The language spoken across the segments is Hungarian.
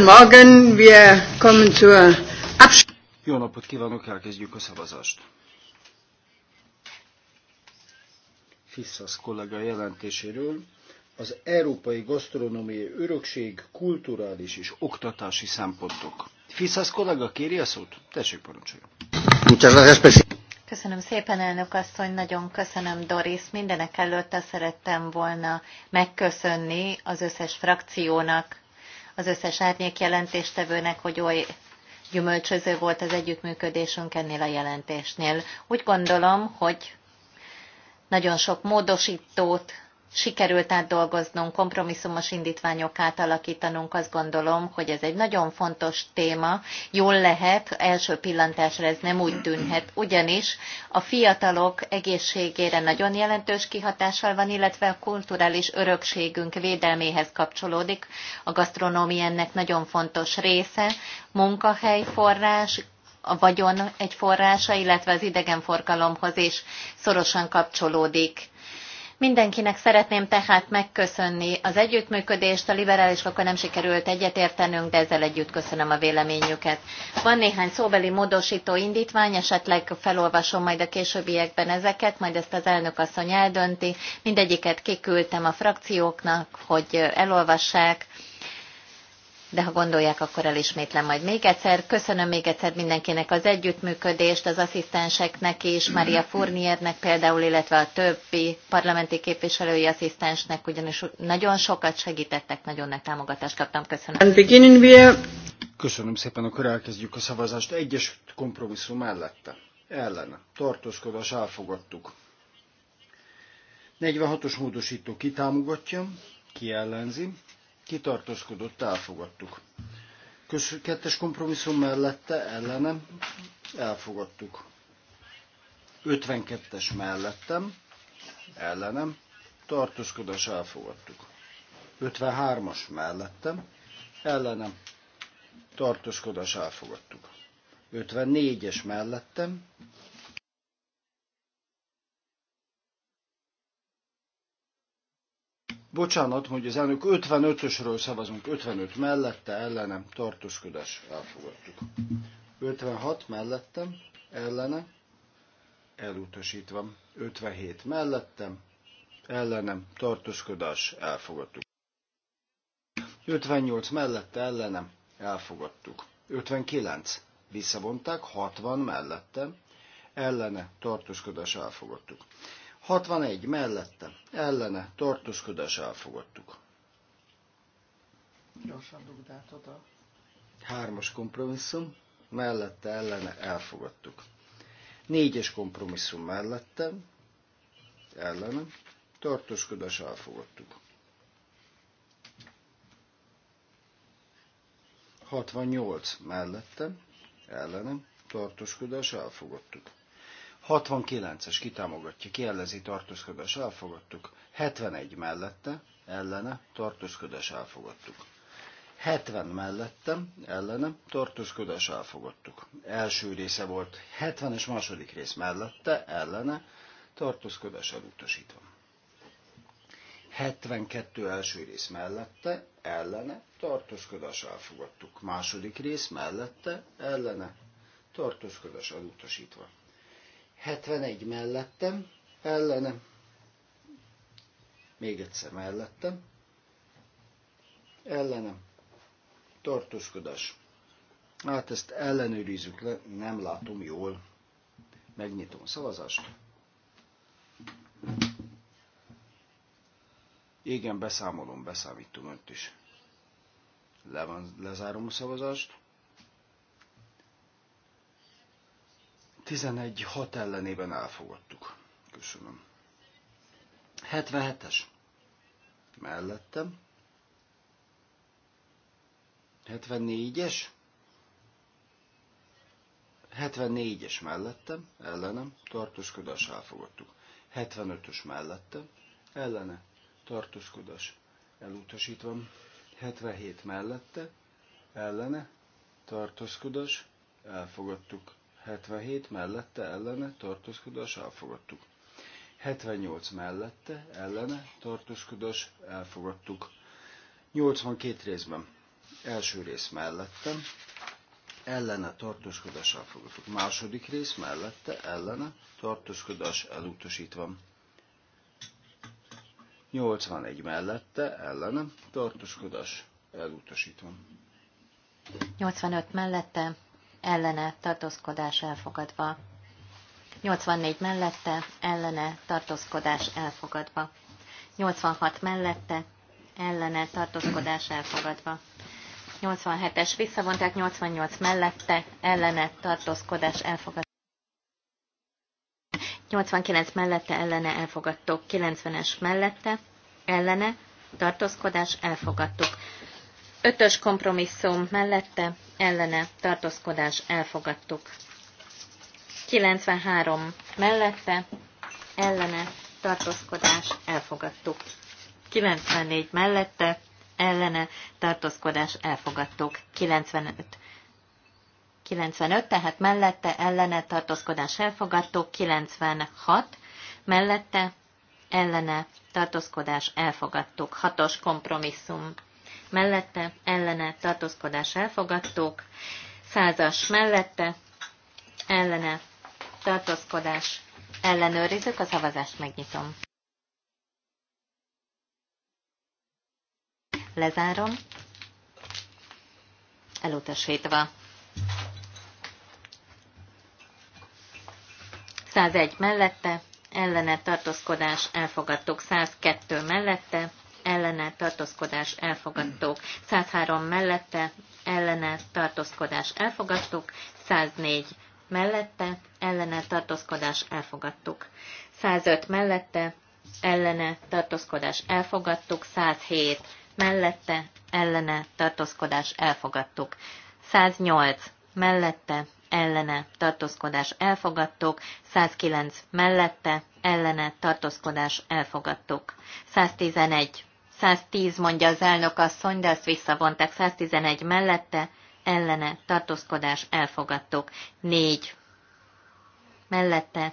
Guten Morgen, wir kommen zur Abstimmung. Jó napot kívánok, elkezdjük a szavazást. Fissasz kollega jelentéséről az Európai Gasztronómiai Örökség kulturális és oktatási szempontok. Fissasz kollega kéri a szót? Tessék parancsoljon. Köszönöm szépen, elnök asszony, nagyon köszönöm, Doris. Mindenek előtte szerettem volna megköszönni az összes frakciónak az összes árnyék jelentéstevőnek, hogy oly gyümölcsöző volt az együttműködésünk ennél a jelentésnél. Úgy gondolom, hogy nagyon sok módosítót sikerült átdolgoznunk, kompromisszumos indítványok átalakítanunk, azt gondolom, hogy ez egy nagyon fontos téma, jól lehet, első pillantásra ez nem úgy tűnhet, ugyanis a fiatalok egészségére nagyon jelentős kihatással van, illetve a kulturális örökségünk védelméhez kapcsolódik. A gasztronómia ennek nagyon fontos része, munkahelyforrás, a vagyon egy forrása, illetve az idegenforgalomhoz is szorosan kapcsolódik Mindenkinek szeretném tehát megköszönni az együttműködést, a liberálisokkal nem sikerült egyetértenünk, de ezzel együtt köszönöm a véleményüket. Van néhány szóbeli módosító indítvány, esetleg felolvasom majd a későbbiekben ezeket, majd ezt az elnök asszony eldönti. Mindegyiket kiküldtem a frakcióknak, hogy elolvassák, de ha gondolják, akkor elismétlem majd még egyszer. Köszönöm még egyszer mindenkinek az együttműködést, az asszisztenseknek is, Maria Furniernek például, illetve a többi parlamenti képviselői asszisztensnek, ugyanis nagyon sokat segítettek, nagyon nagy támogatást kaptam. Köszönöm. Köszönöm szépen, akkor elkezdjük a szavazást. Egyes kompromisszum mellette. Ellen. Tartózkodás elfogadtuk. 46-os módosító kitámogatja, kiellenzi, kitartóskodott, elfogadtuk. Kös kettes kompromisszum mellette, ellenem, elfogadtuk. 52-es mellettem, ellenem, tartózkodás elfogadtuk. 53-as mellettem, ellenem, tartózkodás elfogadtuk. 54-es mellettem, Bocsánat, hogy az elnök 55-ösről szavazunk, 55 mellette, ellenem, tartózkodás, elfogadtuk. 56 mellettem, ellene, elutasítva. 57 mellettem, ellenem, tartózkodás, elfogadtuk. 58 mellette, ellenem, elfogadtuk. 59 visszavonták, 60 mellettem, ellene, tartózkodás, elfogadtuk. 61 mellette, ellene, tartózkodás elfogadtuk. Gyorsan dugdát oda. Hármas kompromisszum, mellette, ellene, elfogadtuk. Négyes kompromisszum mellette, ellene, tartózkodás elfogadtuk. 68 mellette, ellenem, tartózkodás elfogadtuk. 69-es kitámogatja, kiellezi tartózkodás, elfogadtuk. 71 mellette, ellene, tartózkodás, elfogadtuk. 70 mellette, ellene, tartózkodás, elfogadtuk. Első része volt 70 és második rész mellette, ellene, tartózkodás elutasítva. 72 első rész mellette, ellene, tartózkodás elfogadtuk. Második rész mellette, ellene, tartózkodás elutasítva. 71 mellettem, ellenem, még egyszer mellettem, ellenem, tartózkodás. Hát ezt ellenőrizzük le, nem látom jól. Megnyitom a szavazást. Igen, beszámolom, beszámítom önt is. Le van, lezárom a szavazást. 11-6 ellenében elfogadtuk. Köszönöm. 77-es. Mellettem. 74-es. 74-es mellettem, ellenem, tartózkodás elfogadtuk. 75-ös mellettem, ellene, tartózkodás elutasítva. 77 mellette, ellene, tartózkodás elfogadtuk. 77 mellette ellene tartózkodás elfogadtuk. 78 mellette ellene tartózkodás elfogadtuk. 82 részben. Első rész mellettem, ellene tartózkodás elfogadtuk. Második rész mellette ellene tartózkodás elutasítva. 81 mellette ellene tartózkodás elutasítva. 85 mellette ellene tartózkodás elfogadva. 84 mellette ellene tartózkodás elfogadva. 86 mellette ellene tartózkodás elfogadva. 87-es visszavonták, 88 mellette ellene tartózkodás elfogadva. 89 mellette ellene elfogadtuk, 90-es mellette ellene tartózkodás elfogadtuk. 5-ös kompromisszum mellette ellene tartózkodás elfogadtuk. 93 mellette ellene tartózkodás elfogadtuk. 94 mellette ellene tartózkodás elfogadtuk. 95 95, tehát mellette ellene tartózkodás elfogadtuk, 96, mellette ellene tartózkodás elfogadtuk, hatos kompromisszum mellette, ellene, tartózkodás elfogadtuk, százas mellette, ellene, tartózkodás ellenőrizzük, a szavazást megnyitom. Lezárom, elutasítva. 101 mellette, ellene tartózkodás elfogadtuk 102 mellette, ellene tartózkodás elfogadtuk, 103 mellette ellene tartózkodás elfogadtuk, 104 mellette ellene tartózkodás elfogadtuk, 105 mellette ellene tartózkodás elfogadtuk, 107 mellette ellene tartózkodás elfogadtuk, 108 mellette ellene tartózkodás elfogadtuk, 109 mellette ellene tartózkodás elfogadtuk, 111 110 mondja az elnök asszony, de ezt visszavonták 111 mellette, ellene tartózkodás elfogadtuk. 4 mellette,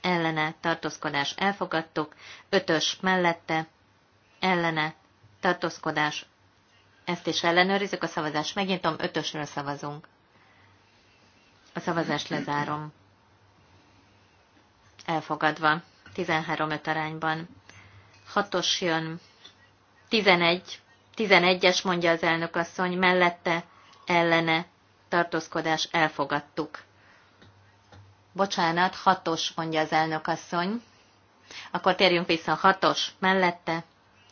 ellene tartózkodás elfogadtuk. 5-ös mellette, ellene tartózkodás. Ezt is ellenőrizzük a szavazást. Megnyitom, 5-ösről szavazunk. A szavazást lezárom. Elfogadva. 13-5 arányban. 6-os jön Tizenegy, tizenegyes mondja az elnök asszony, mellette, ellene, tartózkodás, elfogadtuk. Bocsánat, hatos, mondja az elnök asszony. Akkor térjünk vissza, hatos, mellette,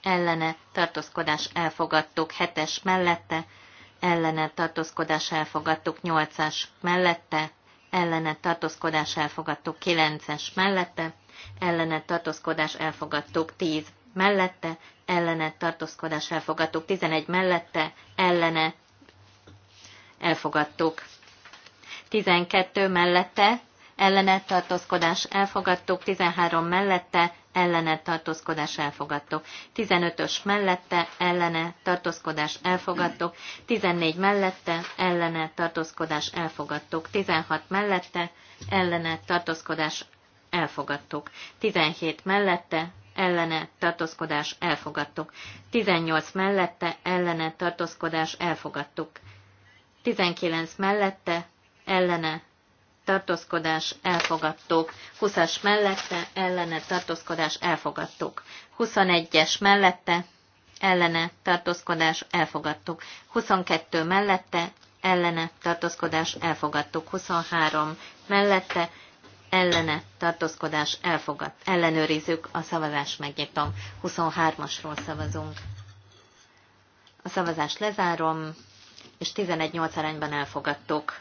ellene, tartózkodás, elfogadtuk, hetes, mellette, ellene, tartózkodás, elfogadtuk, nyolcas, mellette, ellene, tartózkodás, elfogadtuk, kilences, mellette, ellene, tartózkodás, elfogadtuk, tíz, mellette, ellene tartózkodás elfogadtuk. 11 mellette, ellene elfogadtuk. 12 mellette, ellene tartózkodás elfogadtuk. 13 mellette, ellene tartózkodás elfogadtuk. 15-ös mellette ellene tartózkodás elfogadtuk. 14 mellette ellene tartózkodás elfogadtuk. 16 mellette ellene tartózkodás elfogadtuk. 17 mellette ellene tartózkodás elfogadtuk. 18 mellette ellene tartózkodás elfogadtuk. 19 mellette ellene tartózkodás elfogadtuk. 20-as mellette ellene tartózkodás elfogadtuk. 21-es mellette ellene tartózkodás elfogadtuk. 22 mellette ellene tartózkodás elfogadtuk. 23 mellette ellene tartózkodás elfogad. Ellenőrizzük, a szavazást megnyitom. 23-asról szavazunk. A szavazást lezárom, és 11-8 arányban elfogadtuk.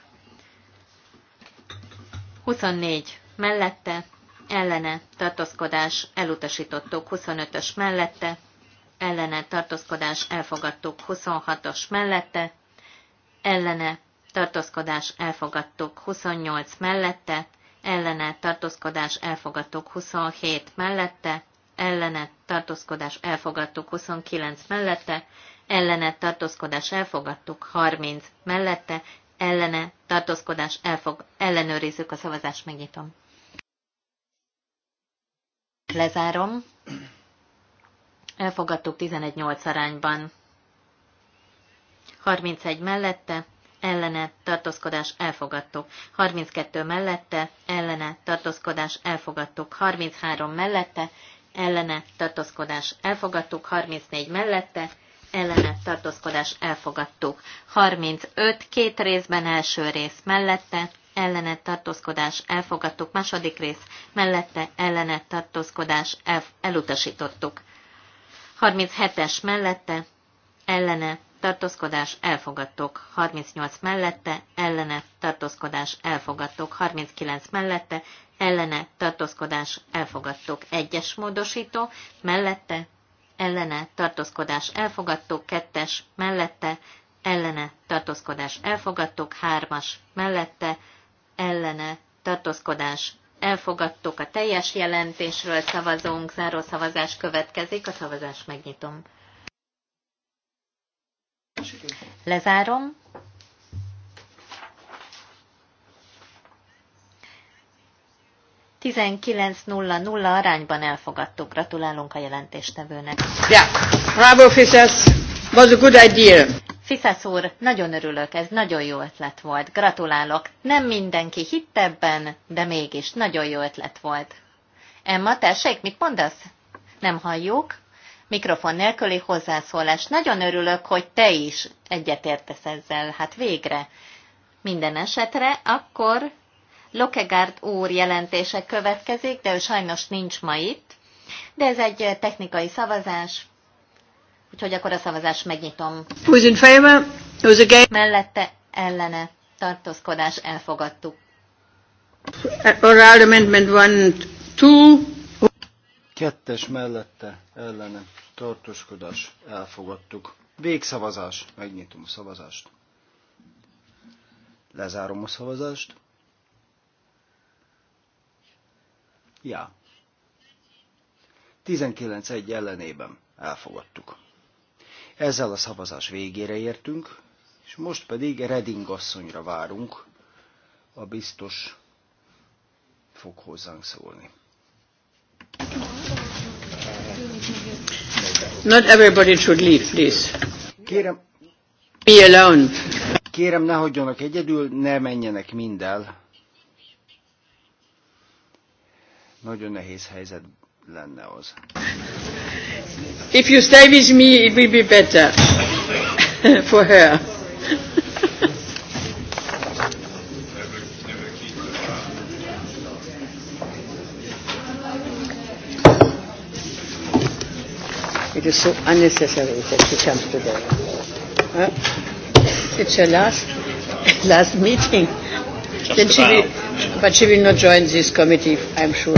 24 mellette, ellene tartózkodás elutasítottuk. 25-ös mellette, ellene tartózkodás elfogadtuk. 26-os mellette, ellene tartózkodás elfogadtuk. 28 mellette, ellene tartózkodás elfogadtuk 27 mellette, ellene tartózkodás elfogadtuk 29 mellette, ellene tartózkodás elfogadtuk 30 mellette, ellene tartózkodás elfog, ellenőrizzük a szavazást, megnyitom. Lezárom. Elfogadtuk 11-8 arányban. 31 mellette, ellene tartózkodás elfogadtuk. 32 mellette ellene tartózkodás elfogadtuk. 33 mellette ellene tartózkodás elfogadtuk. 34 mellette ellene tartózkodás elfogadtuk. 35 két részben első rész mellette ellene tartózkodás elfogadtuk. Második rész mellette ellene tartózkodás el, elutasítottuk. 37-es mellette ellene tartózkodás elfogadtok 38 mellette, ellene tartózkodás elfogadtok 39 mellette, ellene tartózkodás elfogadtok egyes módosító, mellette ellene tartózkodás elfogadtok kettes mellette, ellene tartózkodás elfogadtok hármas mellette, ellene tartózkodás elfogadtok a teljes jelentésről szavazunk, szavazás következik, a szavazást megnyitom. Lezárom. nulla arányban elfogadtuk. Gratulálunk a jelentéstevőnek. Yeah. Bravo, Fisesz! Was a good idea. Fisesz úr, nagyon örülök, ez nagyon jó ötlet volt. Gratulálok. Nem mindenki hitt ebben, de mégis nagyon jó ötlet volt. Emma, tessék, mit mondasz? Nem halljuk mikrofon nélküli hozzászólás. Nagyon örülök, hogy te is egyetértesz ezzel, hát végre. Minden esetre akkor Lokegárd úr jelentése következik, de ő sajnos nincs ma itt, de ez egy technikai szavazás, úgyhogy akkor a szavazást megnyitom. Who's in favor? Who's against? Mellette ellene tartózkodás elfogadtuk. Oral amendment 1, 2, Kettes mellette ellene tartózkodás elfogadtuk. Végszavazás. Megnyitom a szavazást. Lezárom a szavazást. Ja. 19-1 ellenében elfogadtuk. Ezzel a szavazás végére értünk, és most pedig Reding asszonyra várunk, a biztos fog hozzánk szólni. Not everybody should leave, please. Kérem, Be alone. Kérem, ne hagyjanak egyedül, ne menjenek minddel. Nagyon nehéz helyzet lenne az. If you stay with me, it will be better for her. It is so unnecessary that she comes today. Huh? It's her last, last meeting. Then she will, but she will not join this committee, I'm sure.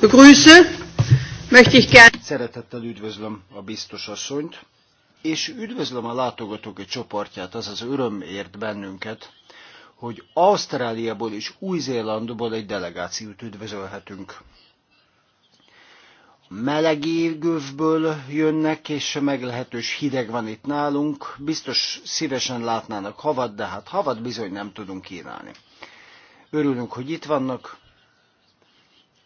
begrüße, möchte ich gerne... Szeretettel üdvözlöm a biztos asszonyt, és üdvözlöm a látogatók egy csoportját, az az öröm ért bennünket, hogy Ausztráliából és Új-Zélandból egy delegációt üdvözölhetünk. Meleg égővből jönnek, és meglehetős hideg van itt nálunk. Biztos szívesen látnának havat, de hát havat bizony nem tudunk kínálni. Örülünk, hogy itt vannak,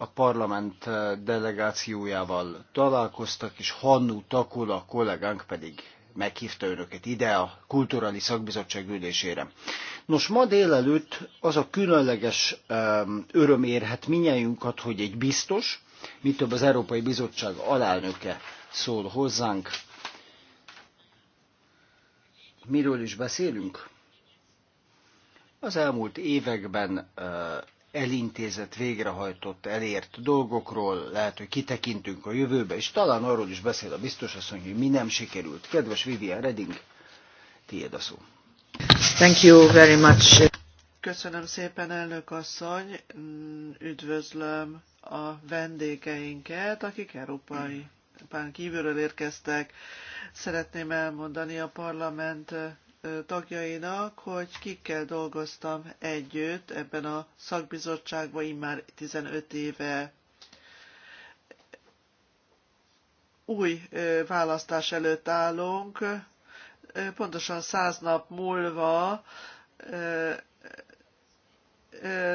a parlament eh, delegációjával találkoztak, és Hannu Takula kollégánk pedig meghívta önöket ide a Kulturális Szakbizottság ülésére. Nos, ma délelőtt az a különleges eh, öröm érhet minnyájunkat, hogy egy biztos, mi több az Európai Bizottság alelnöke szól hozzánk. Miről is beszélünk? Az elmúlt években eh, elintézett, végrehajtott, elért dolgokról, lehet, hogy kitekintünk a jövőbe, és talán arról is beszél a biztos asszony, hogy mi nem sikerült. Kedves Vivian Redding, tiéd a szó. Thank you very much. Köszönöm szépen, elnök asszony. Mm, üdvözlöm a vendégeinket, akik európai pán kívülről érkeztek. Szeretném elmondani a parlament tagjainak, hogy kikkel dolgoztam együtt ebben a szakbizottságban immár 15 éve. Új választás előtt állunk, pontosan 100 nap múlva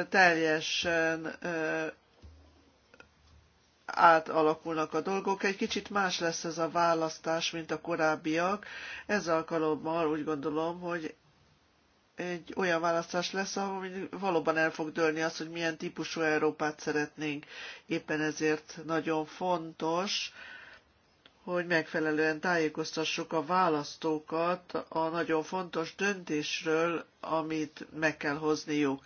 teljesen átalakulnak a dolgok, egy kicsit más lesz ez a választás, mint a korábbiak. Ez alkalommal úgy gondolom, hogy egy olyan választás lesz, ami valóban el fog dőlni az, hogy milyen típusú Európát szeretnénk. Éppen ezért nagyon fontos, hogy megfelelően tájékoztassuk a választókat a nagyon fontos döntésről, amit meg kell hozniuk.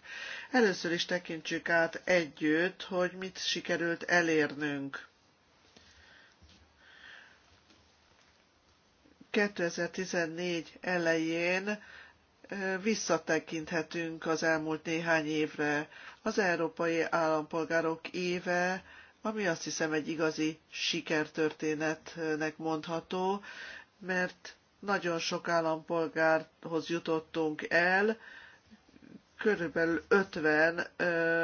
Először is tekintsük át együtt, hogy mit sikerült elérnünk. 2014 elején visszatekinthetünk az elmúlt néhány évre. Az Európai Állampolgárok éve ami azt hiszem egy igazi sikertörténetnek mondható, mert nagyon sok állampolgárhoz jutottunk el, körülbelül 50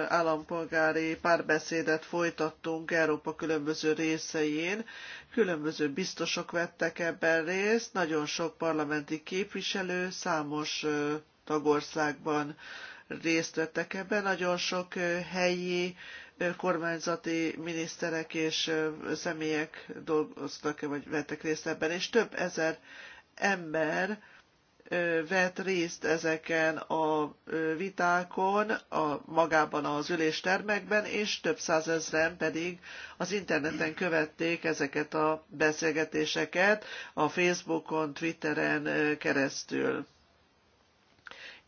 állampolgári párbeszédet folytattunk Európa különböző részein, különböző biztosok vettek ebben részt, nagyon sok parlamenti képviselő számos tagországban részt vettek ebben, nagyon sok helyi kormányzati miniszterek és személyek dolgoztak vagy vettek részt ebben, és több ezer ember vett részt ezeken a vitákon, a, magában az üléstermekben, és több százezren pedig az interneten követték ezeket a beszélgetéseket a Facebookon, Twitteren keresztül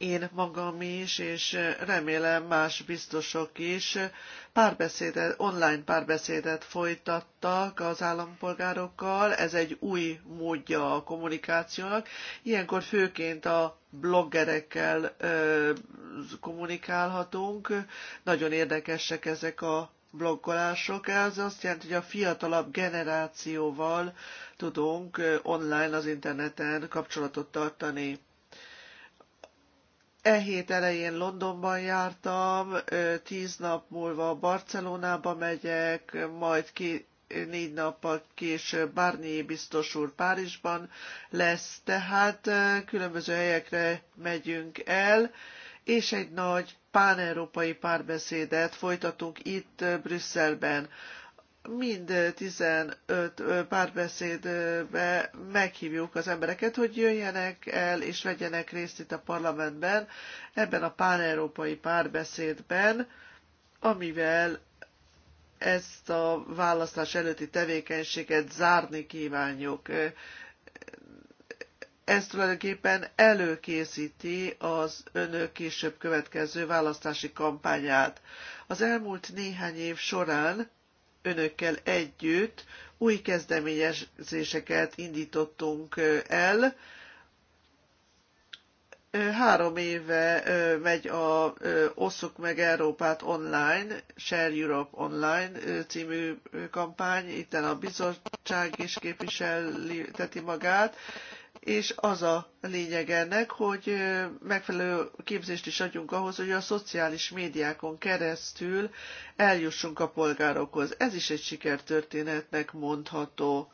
én magam is, és remélem más biztosok is párbeszédet, online párbeszédet folytattak az állampolgárokkal. Ez egy új módja a kommunikációnak. Ilyenkor főként a bloggerekkel ö, kommunikálhatunk. Nagyon érdekesek ezek a blogolások. Ez azt jelenti, hogy a fiatalabb generációval tudunk online az interneten kapcsolatot tartani. E hét elején Londonban jártam, tíz nap múlva Barcelonába megyek, majd ki, négy nappal később Barnier biztos úr Párizsban lesz, tehát különböző helyekre megyünk el, és egy nagy páneurópai párbeszédet folytatunk itt Brüsszelben mind 15 párbeszédbe meghívjuk az embereket, hogy jöjjenek el és vegyenek részt itt a parlamentben, ebben a pán-európai párbeszédben, amivel ezt a választás előtti tevékenységet zárni kívánjuk. Ez tulajdonképpen előkészíti az önök később következő választási kampányát. Az elmúlt néhány év során önökkel együtt új kezdeményezéseket indítottunk el. Három éve megy a Osszuk meg Európát online, Share Europe online című kampány. Itten a bizottság is képviselteti magát és az a lényeg ennek, hogy megfelelő képzést is adjunk ahhoz, hogy a szociális médiákon keresztül eljussunk a polgárokhoz. Ez is egy sikertörténetnek mondható.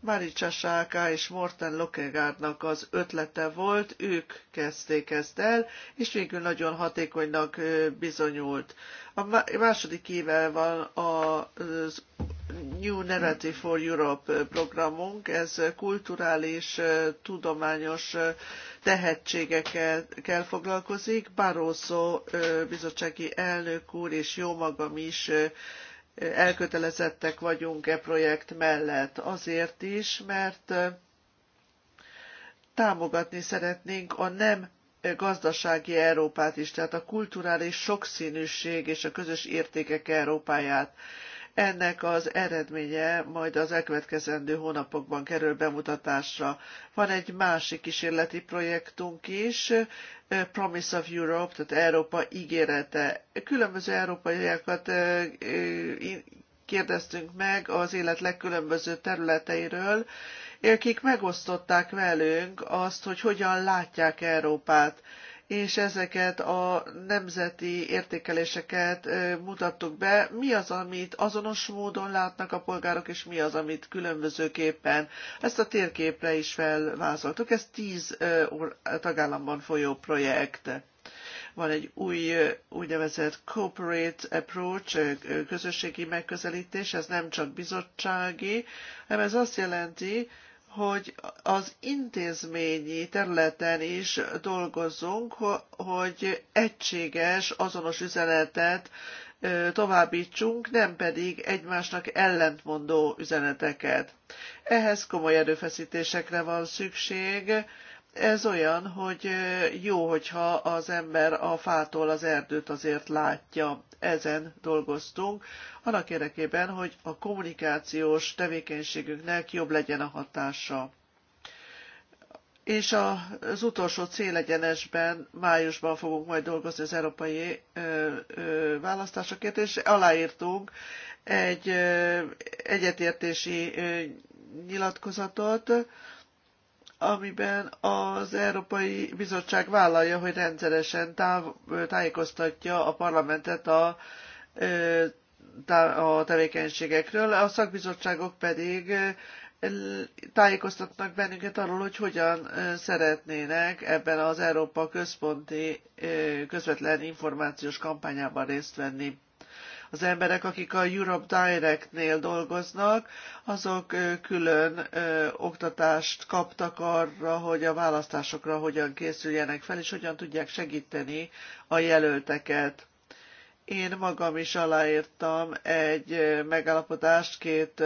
Mári Csasáká és Morten Lokegárnak az ötlete volt, ők kezdték ezt el, és végül nagyon hatékonynak bizonyult. A második éve van az New Narrative for Europe programunk, ez kulturális, tudományos tehetségekkel foglalkozik. Barroso bizottsági elnök úr és jó magam is elkötelezettek vagyunk e projekt mellett. Azért is, mert támogatni szeretnénk a nem gazdasági Európát is, tehát a kulturális sokszínűség és a közös értékek Európáját. Ennek az eredménye majd az elkövetkezendő hónapokban kerül bemutatásra. Van egy másik kísérleti projektunk is, Promise of Europe, tehát Európa ígérete. Különböző európaiakat kérdeztünk meg az élet legkülönböző területeiről, akik megosztották velünk azt, hogy hogyan látják Európát és ezeket a nemzeti értékeléseket mutattuk be. Mi az, amit azonos módon látnak a polgárok, és mi az, amit különbözőképpen. Ezt a térképre is felvázoltuk. Ez tíz tagállamban folyó projekt van egy új úgynevezett corporate approach, közösségi megközelítés, ez nem csak bizottsági, hanem ez azt jelenti, hogy az intézményi területen is dolgozzunk, hogy egységes, azonos üzenetet továbbítsunk, nem pedig egymásnak ellentmondó üzeneteket. Ehhez komoly erőfeszítésekre van szükség, ez olyan, hogy jó, hogyha az ember a fától az erdőt azért látja. Ezen dolgoztunk, annak érdekében, hogy a kommunikációs tevékenységünknek jobb legyen a hatása. És az utolsó célegyenesben, májusban fogunk majd dolgozni az európai választásokért, és aláírtunk egy egyetértési nyilatkozatot, amiben az Európai Bizottság vállalja, hogy rendszeresen táv, tájékoztatja a parlamentet a, a tevékenységekről, a szakbizottságok pedig tájékoztatnak bennünket arról, hogy hogyan szeretnének ebben az Európa központi közvetlen információs kampányában részt venni. Az emberek, akik a Europe Direct-nél dolgoznak, azok külön ö, oktatást kaptak arra, hogy a választásokra hogyan készüljenek fel, és hogyan tudják segíteni a jelölteket. Én magam is aláírtam egy megállapodást két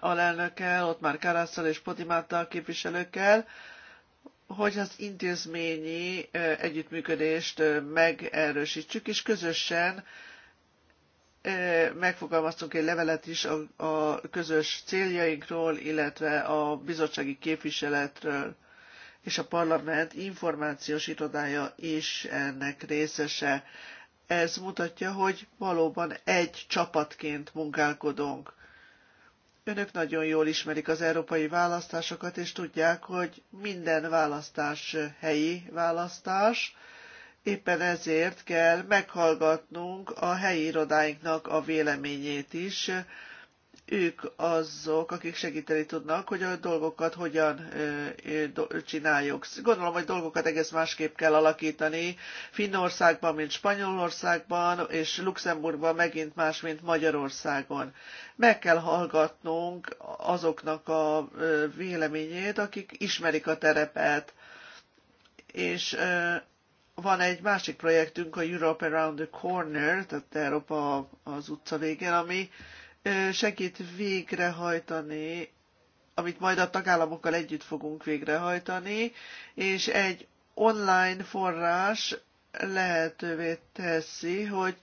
alelnökkel, ott már Karasszal és Potimáttal képviselőkkel, hogy az intézményi együttműködést megerősítsük, és közösen megfogalmaztunk egy levelet is a, a közös céljainkról, illetve a bizottsági képviseletről, és a parlament információs irodája is ennek részese. Ez mutatja, hogy valóban egy csapatként munkálkodunk. Önök nagyon jól ismerik az európai választásokat, és tudják, hogy minden választás helyi választás. Éppen ezért kell meghallgatnunk a helyi irodáinknak a véleményét is, ők azok, akik segíteni tudnak, hogy a dolgokat hogyan csináljuk. Gondolom, hogy dolgokat egész másképp kell alakítani Finnországban, mint Spanyolországban, és Luxemburgban megint más, mint Magyarországon. Meg kell hallgatnunk azoknak a véleményét, akik ismerik a terepet. És van egy másik projektünk, a Europe Around the Corner, tehát Európa az utca végén, ami segít végrehajtani, amit majd a tagállamokkal együtt fogunk végrehajtani, és egy online forrás lehetővé teszi, hogy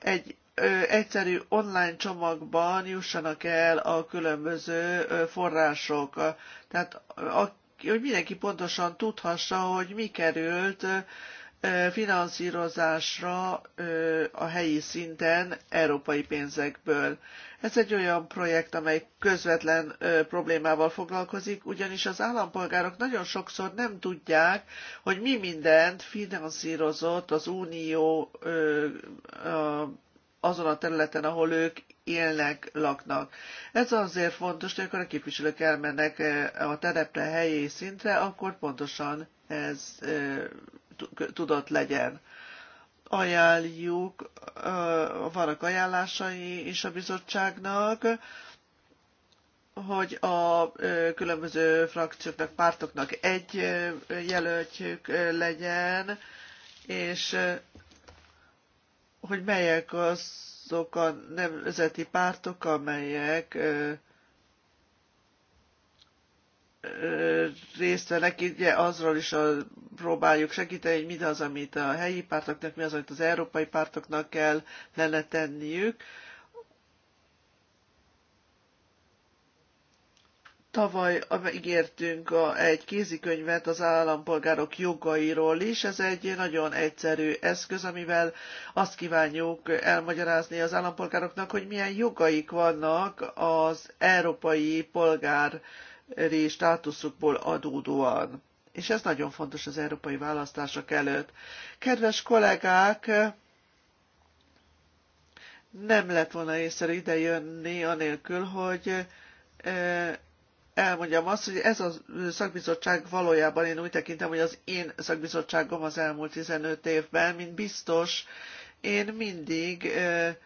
egy egyszerű online csomagban jussanak el a különböző források. Tehát hogy mindenki pontosan tudhassa, hogy mi került finanszírozásra a helyi szinten európai pénzekből. Ez egy olyan projekt, amely közvetlen problémával foglalkozik, ugyanis az állampolgárok nagyon sokszor nem tudják, hogy mi mindent finanszírozott az Unió azon a területen, ahol ők élnek, laknak. Ez azért fontos, hogy amikor a képviselők elmennek a terepre, helyi szintre, akkor pontosan ez tudott legyen. Ajánljuk, vannak ajánlásai is a bizottságnak, hogy a különböző frakcióknak, pártoknak egy jelöltjük legyen, és hogy melyek azok a nemzeti pártok, amelyek részt vennek, ugye azról is a, próbáljuk segíteni, hogy mi az, amit a helyi pártoknak, mi az, amit az európai pártoknak kell lenne tenniük. Tavaly ígértünk a, egy kézikönyvet az állampolgárok jogairól is. Ez egy nagyon egyszerű eszköz, amivel azt kívánjuk elmagyarázni az állampolgároknak, hogy milyen jogaik vannak az európai polgár státuszukból adódóan. És ez nagyon fontos az európai választások előtt. Kedves kollégák, nem lett volna észre ide jönni anélkül, hogy e, elmondjam azt, hogy ez a szakbizottság valójában én úgy tekintem, hogy az én szakbizottságom az elmúlt 15 évben, mint biztos, én mindig e,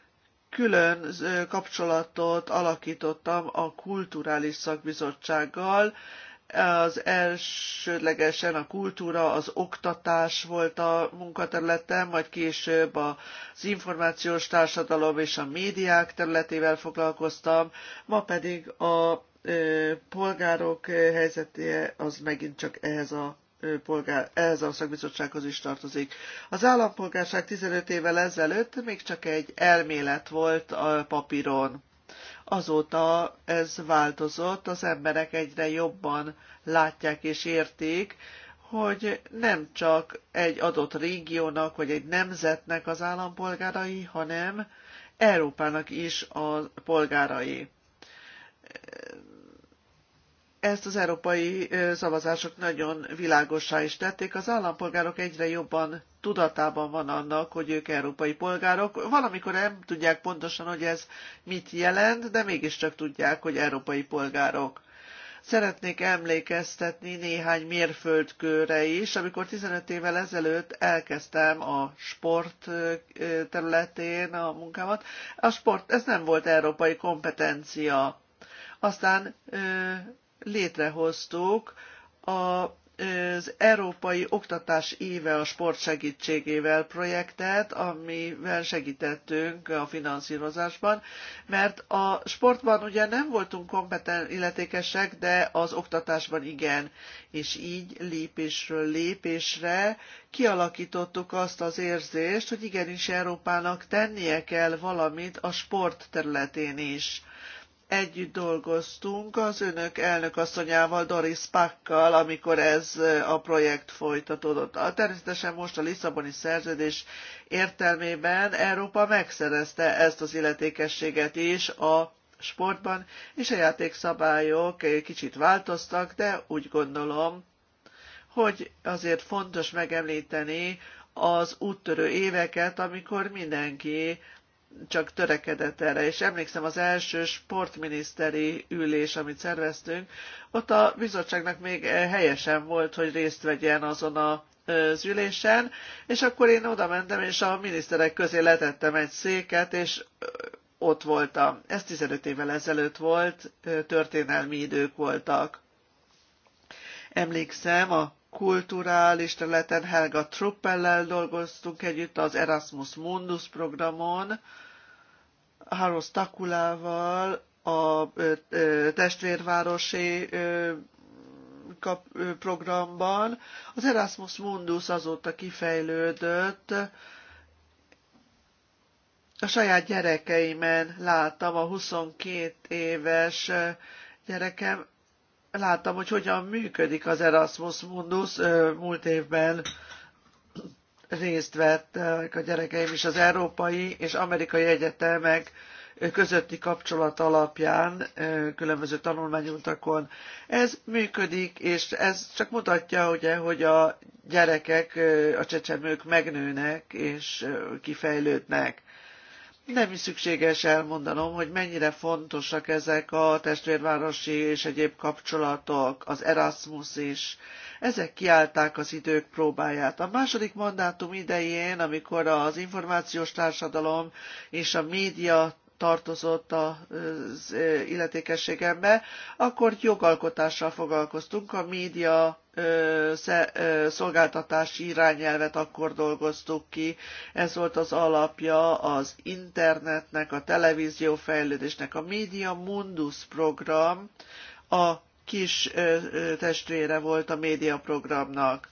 külön kapcsolatot alakítottam a kulturális szakbizottsággal. Az elsődlegesen a kultúra, az oktatás volt a munkaterületem, majd később az információs társadalom és a médiák területével foglalkoztam, ma pedig a polgárok helyzete az megint csak ehhez a polgár, ehhez a szakbizottsághoz is tartozik. Az állampolgárság 15 évvel ezelőtt még csak egy elmélet volt a papíron. Azóta ez változott, az emberek egyre jobban látják és értik, hogy nem csak egy adott régiónak vagy egy nemzetnek az állampolgárai, hanem Európának is a polgárai ezt az európai szavazások nagyon világosá is tették. Az állampolgárok egyre jobban tudatában van annak, hogy ők európai polgárok. Valamikor nem tudják pontosan, hogy ez mit jelent, de mégiscsak tudják, hogy európai polgárok. Szeretnék emlékeztetni néhány mérföldkőre is, amikor 15 évvel ezelőtt elkezdtem a sport területén a munkámat. A sport, ez nem volt európai kompetencia. Aztán létrehoztuk a az Európai Oktatás Éve a Sport segítségével projektet, amivel segítettünk a finanszírozásban, mert a sportban ugye nem voltunk kompeten illetékesek, de az oktatásban igen, és így lépésről lépésre kialakítottuk azt az érzést, hogy igenis Európának tennie kell valamit a sport területén is együtt dolgoztunk az önök elnök asszonyával, Doris Pakkal, amikor ez a projekt folytatódott. Természetesen most a Lisszaboni szerződés értelmében Európa megszerezte ezt az illetékességet is a sportban, és a játékszabályok kicsit változtak, de úgy gondolom, hogy azért fontos megemlíteni az úttörő éveket, amikor mindenki csak törekedett erre, és emlékszem az első sportminiszteri ülés, amit szerveztünk, ott a bizottságnak még eh, helyesen volt, hogy részt vegyen azon a az ülésen, és akkor én oda mentem, és a miniszterek közé letettem egy széket, és ott voltam. Ez 15 évvel ezelőtt volt, történelmi idők voltak. Emlékszem, a kulturális területen Helga Truppellel dolgoztunk együtt az Erasmus Mundus programon, Háros Takulával, a testvérvárosi programban. Az Erasmus Mundus azóta kifejlődött, a saját gyerekeimen láttam, a 22 éves gyerekem, láttam, hogy hogyan működik az Erasmus Mundus múlt évben részt vettek a gyerekeim is az európai és amerikai egyetemek közötti kapcsolat alapján különböző tanulmányutakon. Ez működik, és ez csak mutatja, ugye, hogy a gyerekek, a csecsemők megnőnek és kifejlődnek. Nem is szükséges elmondanom, hogy mennyire fontosak ezek a testvérvárosi és egyéb kapcsolatok, az Erasmus is. Ezek kiállták az idők próbáját. A második mandátum idején, amikor az információs társadalom és a média tartozott az illetékességembe, akkor jogalkotással foglalkoztunk, a média szolgáltatási irányelvet akkor dolgoztuk ki. Ez volt az alapja az internetnek, a televízió fejlődésnek, a Media Mundus program, a kis testvére volt a médiaprogramnak.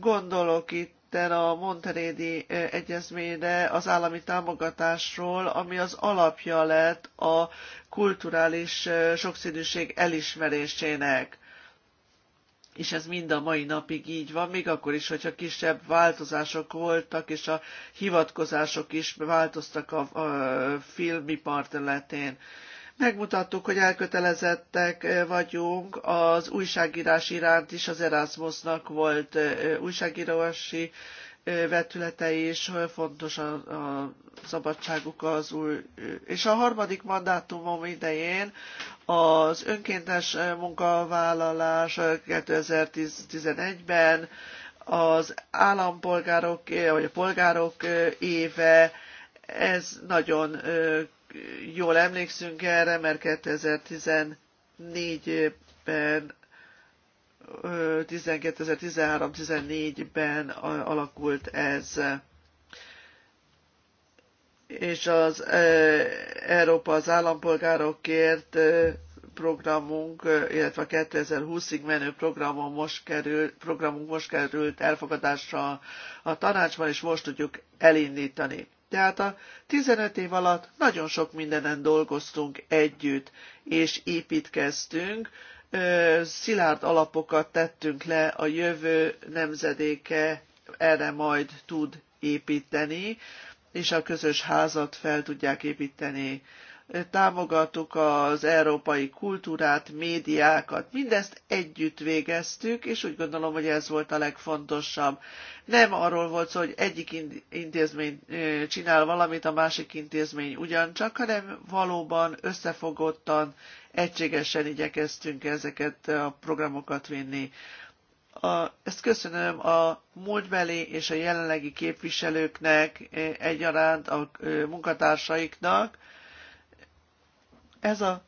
Gondolok itt tekintettel a Monterédi Egyezményre az állami támogatásról, ami az alapja lett a kulturális sokszínűség elismerésének. És ez mind a mai napig így van, még akkor is, hogyha kisebb változások voltak, és a hivatkozások is változtak a, a filmipar területén. Megmutattuk, hogy elkötelezettek vagyunk, az újságírás iránt is az Erasmusnak volt újságírási vetülete is, fontos a, a szabadságuk az új. És a harmadik mandátumom idején az önkéntes munkavállalás 2011-ben, az állampolgárok, vagy a polgárok éve, ez nagyon jól emlékszünk erre, mert 2014-ben 2013-14-ben alakult ez és az Európa az állampolgárokért programunk, illetve a 2020-ig menő most kerül, programunk most került elfogadásra a tanácsban, és most tudjuk elindítani. Tehát a 15 év alatt nagyon sok mindenen dolgoztunk együtt, és építkeztünk, szilárd alapokat tettünk le a jövő nemzedéke, erre majd tud építeni, és a közös házat fel tudják építeni támogattuk az európai kultúrát, médiákat, mindezt együtt végeztük, és úgy gondolom, hogy ez volt a legfontosabb. Nem arról volt szó, hogy egyik intézmény csinál valamit, a másik intézmény ugyancsak, hanem valóban összefogottan, egységesen igyekeztünk ezeket a programokat vinni. A, ezt köszönöm a múltbeli és a jelenlegi képviselőknek egyaránt, a munkatársaiknak, ez a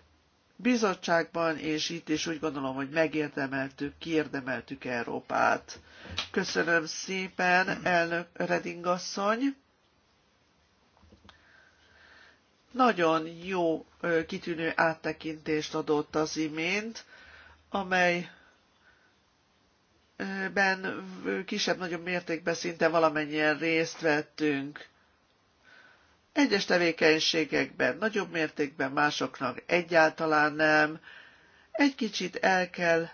bizottságban, és itt is úgy gondolom, hogy megérdemeltük, kiérdemeltük Európát. Köszönöm szépen, elnök Reding asszony. Nagyon jó, kitűnő áttekintést adott az imént, amely ben kisebb-nagyobb mértékben szinte valamennyien részt vettünk. Egyes tevékenységekben nagyobb mértékben, másoknak egyáltalán nem. Egy kicsit el kell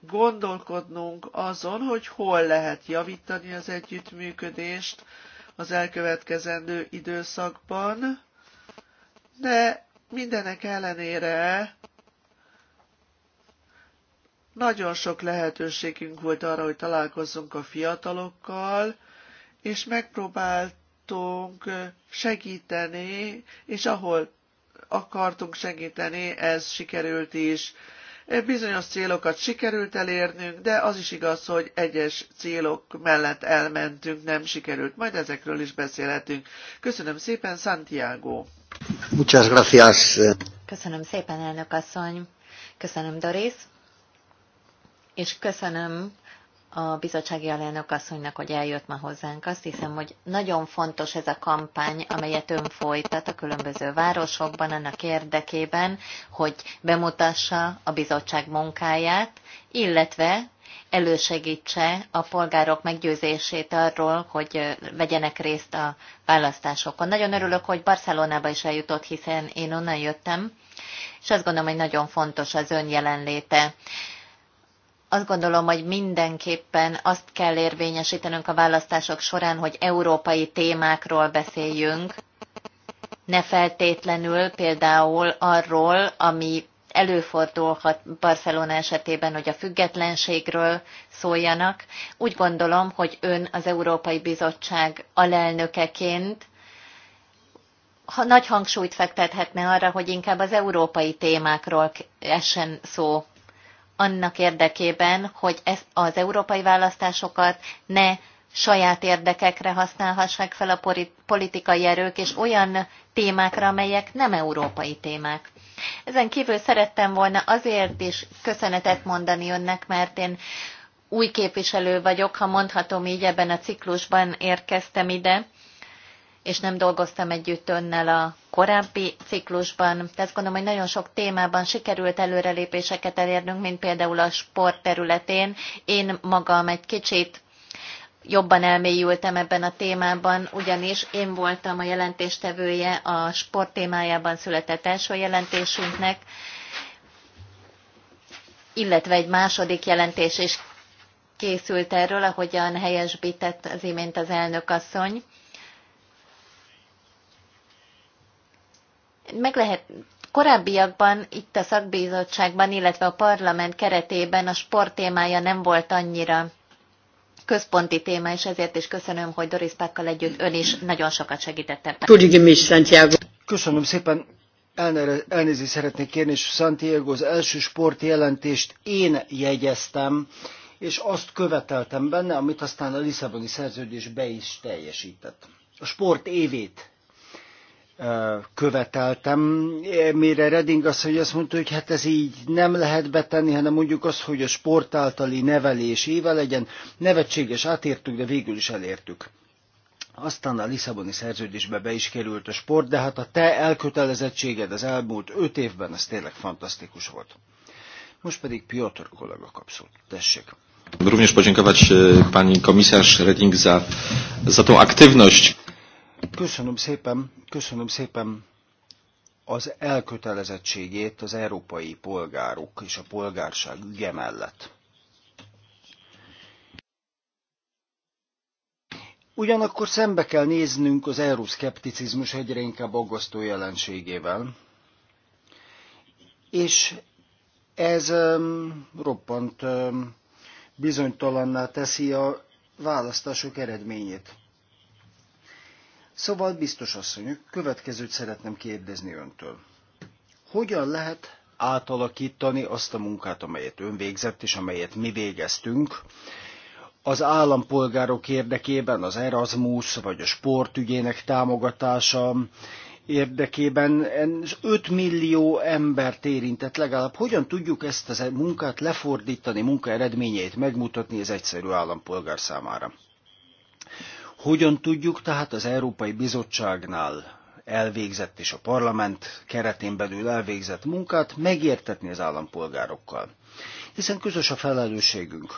gondolkodnunk azon, hogy hol lehet javítani az együttműködést az elkövetkezendő időszakban, de mindenek ellenére nagyon sok lehetőségünk volt arra, hogy találkozzunk a fiatalokkal, és megpróbált tudtunk segíteni, és ahol akartunk segíteni, ez sikerült is. Bizonyos célokat sikerült elérnünk, de az is igaz, hogy egyes célok mellett elmentünk, nem sikerült. Majd ezekről is beszélhetünk. Köszönöm szépen, Santiago! Muchas gracias. Köszönöm szépen, elnök asszony! Köszönöm, Doris! És köszönöm a bizottsági alelnök asszonynak, hogy eljött ma hozzánk. Azt hiszem, hogy nagyon fontos ez a kampány, amelyet ön folytat a különböző városokban annak érdekében, hogy bemutassa a bizottság munkáját, illetve elősegítse a polgárok meggyőzését arról, hogy vegyenek részt a választásokon. Nagyon örülök, hogy Barcelonába is eljutott, hiszen én onnan jöttem, és azt gondolom, hogy nagyon fontos az ön jelenléte. Azt gondolom, hogy mindenképpen azt kell érvényesítenünk a választások során, hogy európai témákról beszéljünk, ne feltétlenül például arról, ami előfordulhat Barcelona esetében, hogy a függetlenségről szóljanak. Úgy gondolom, hogy ön az Európai Bizottság alelnökeként nagy hangsúlyt fektethetne arra, hogy inkább az európai témákról essen szó annak érdekében, hogy ez az európai választásokat ne saját érdekekre használhassák fel a politikai erők, és olyan témákra, amelyek nem európai témák. Ezen kívül szerettem volna azért is köszönetet mondani önnek, mert én új képviselő vagyok, ha mondhatom így, ebben a ciklusban érkeztem ide, és nem dolgoztam együtt önnel a korábbi ciklusban. Tehát gondolom, hogy nagyon sok témában sikerült előrelépéseket elérnünk, mint például a sport területén. Én magam egy kicsit jobban elmélyültem ebben a témában, ugyanis én voltam a jelentéstevője a sport témájában született első jelentésünknek, illetve egy második jelentés is készült erről, ahogyan helyesbített az imént az elnök asszony. meg lehet korábbiakban itt a szakbizottságban, illetve a parlament keretében a sport témája nem volt annyira központi téma, és ezért is köszönöm, hogy Doris Pákkal együtt ön is nagyon sokat segített ebben. Köszönöm szépen, elnézést szeretnék kérni, és Santiago az első jelentést én jegyeztem, és azt követeltem benne, amit aztán a Lisszaboni szerződés be is teljesített. A sport évét követeltem, mire Reding azt, hogy azt mondta, hogy hát ez így nem lehet betenni, hanem mondjuk az, hogy a sport általi nevelés éve legyen. Nevetséges, átértük, de végül is elértük. Aztán a Lisszaboni szerződésbe be is került a sport, de hát a te elkötelezettséged az elmúlt öt évben, az tényleg fantasztikus volt. Most pedig Piotr kollega kapszót. Tessék. Również podziękować e, pani komisarz Reding za, za tą aktywność. Köszönöm szépen, köszönöm szépen az elkötelezettségét az európai polgárok és a polgárság ügye mellett. Ugyanakkor szembe kell néznünk az euroszkepticizmus egyre inkább aggasztó jelenségével, és ez um, roppant um, bizonytalanná teszi a választások eredményét. Szóval, biztos asszony, következőt szeretném kérdezni öntől. Hogyan lehet átalakítani azt a munkát, amelyet ön végzett, és amelyet mi végeztünk, az állampolgárok érdekében, az Erasmus vagy a sportügyének támogatása érdekében 5 millió embert érintett legalább. Hogyan tudjuk ezt a munkát lefordítani, munka eredményeit megmutatni az egyszerű állampolgár számára? Hogyan tudjuk tehát az Európai Bizottságnál elvégzett és a parlament keretén belül elvégzett munkát megértetni az állampolgárokkal? Hiszen közös a felelősségünk.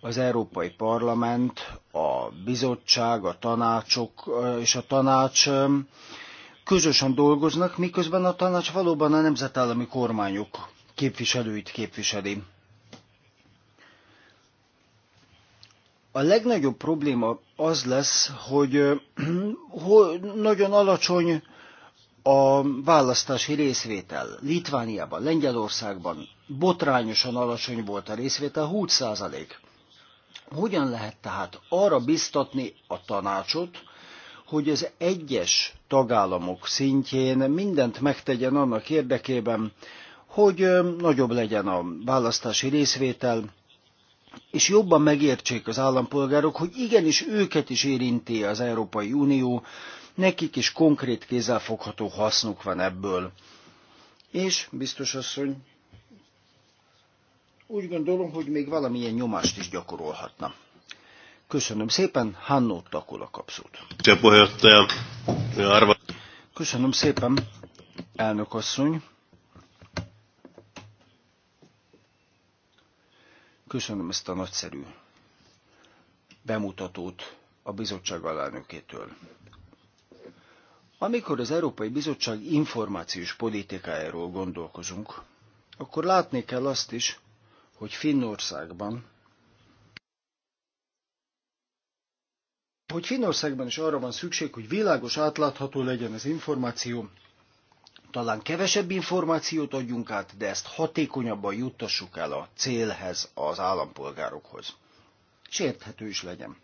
Az Európai Parlament, a bizottság, a tanácsok és a tanács közösen dolgoznak, miközben a tanács valóban a nemzetállami kormányok képviselőit képviseli. A legnagyobb probléma az lesz, hogy nagyon alacsony a választási részvétel. Litvániában, Lengyelországban botrányosan alacsony volt a részvétel, 20 százalék. Hogyan lehet tehát arra biztatni a tanácsot, hogy az egyes tagállamok szintjén mindent megtegyen annak érdekében, hogy nagyobb legyen a választási részvétel, és jobban megértsék az állampolgárok, hogy igenis őket is érinti az Európai Unió, nekik is konkrét kézzelfogható hasznuk van ebből. És, biztos asszony, úgy gondolom, hogy még valamilyen nyomást is gyakorolhatna. Köszönöm szépen, Hannó Takula kapszót. Köszönöm szépen, elnök asszony. Köszönöm ezt a nagyszerű bemutatót a bizottság alelnökétől. Amikor az Európai Bizottság információs politikájáról gondolkozunk, akkor látni kell azt is, hogy Finnországban hogy Finnországban is arra van szükség, hogy világos átlátható legyen az információ, talán kevesebb információt adjunk át, de ezt hatékonyabban juttassuk el a célhez, az állampolgárokhoz. Sérthető is legyen.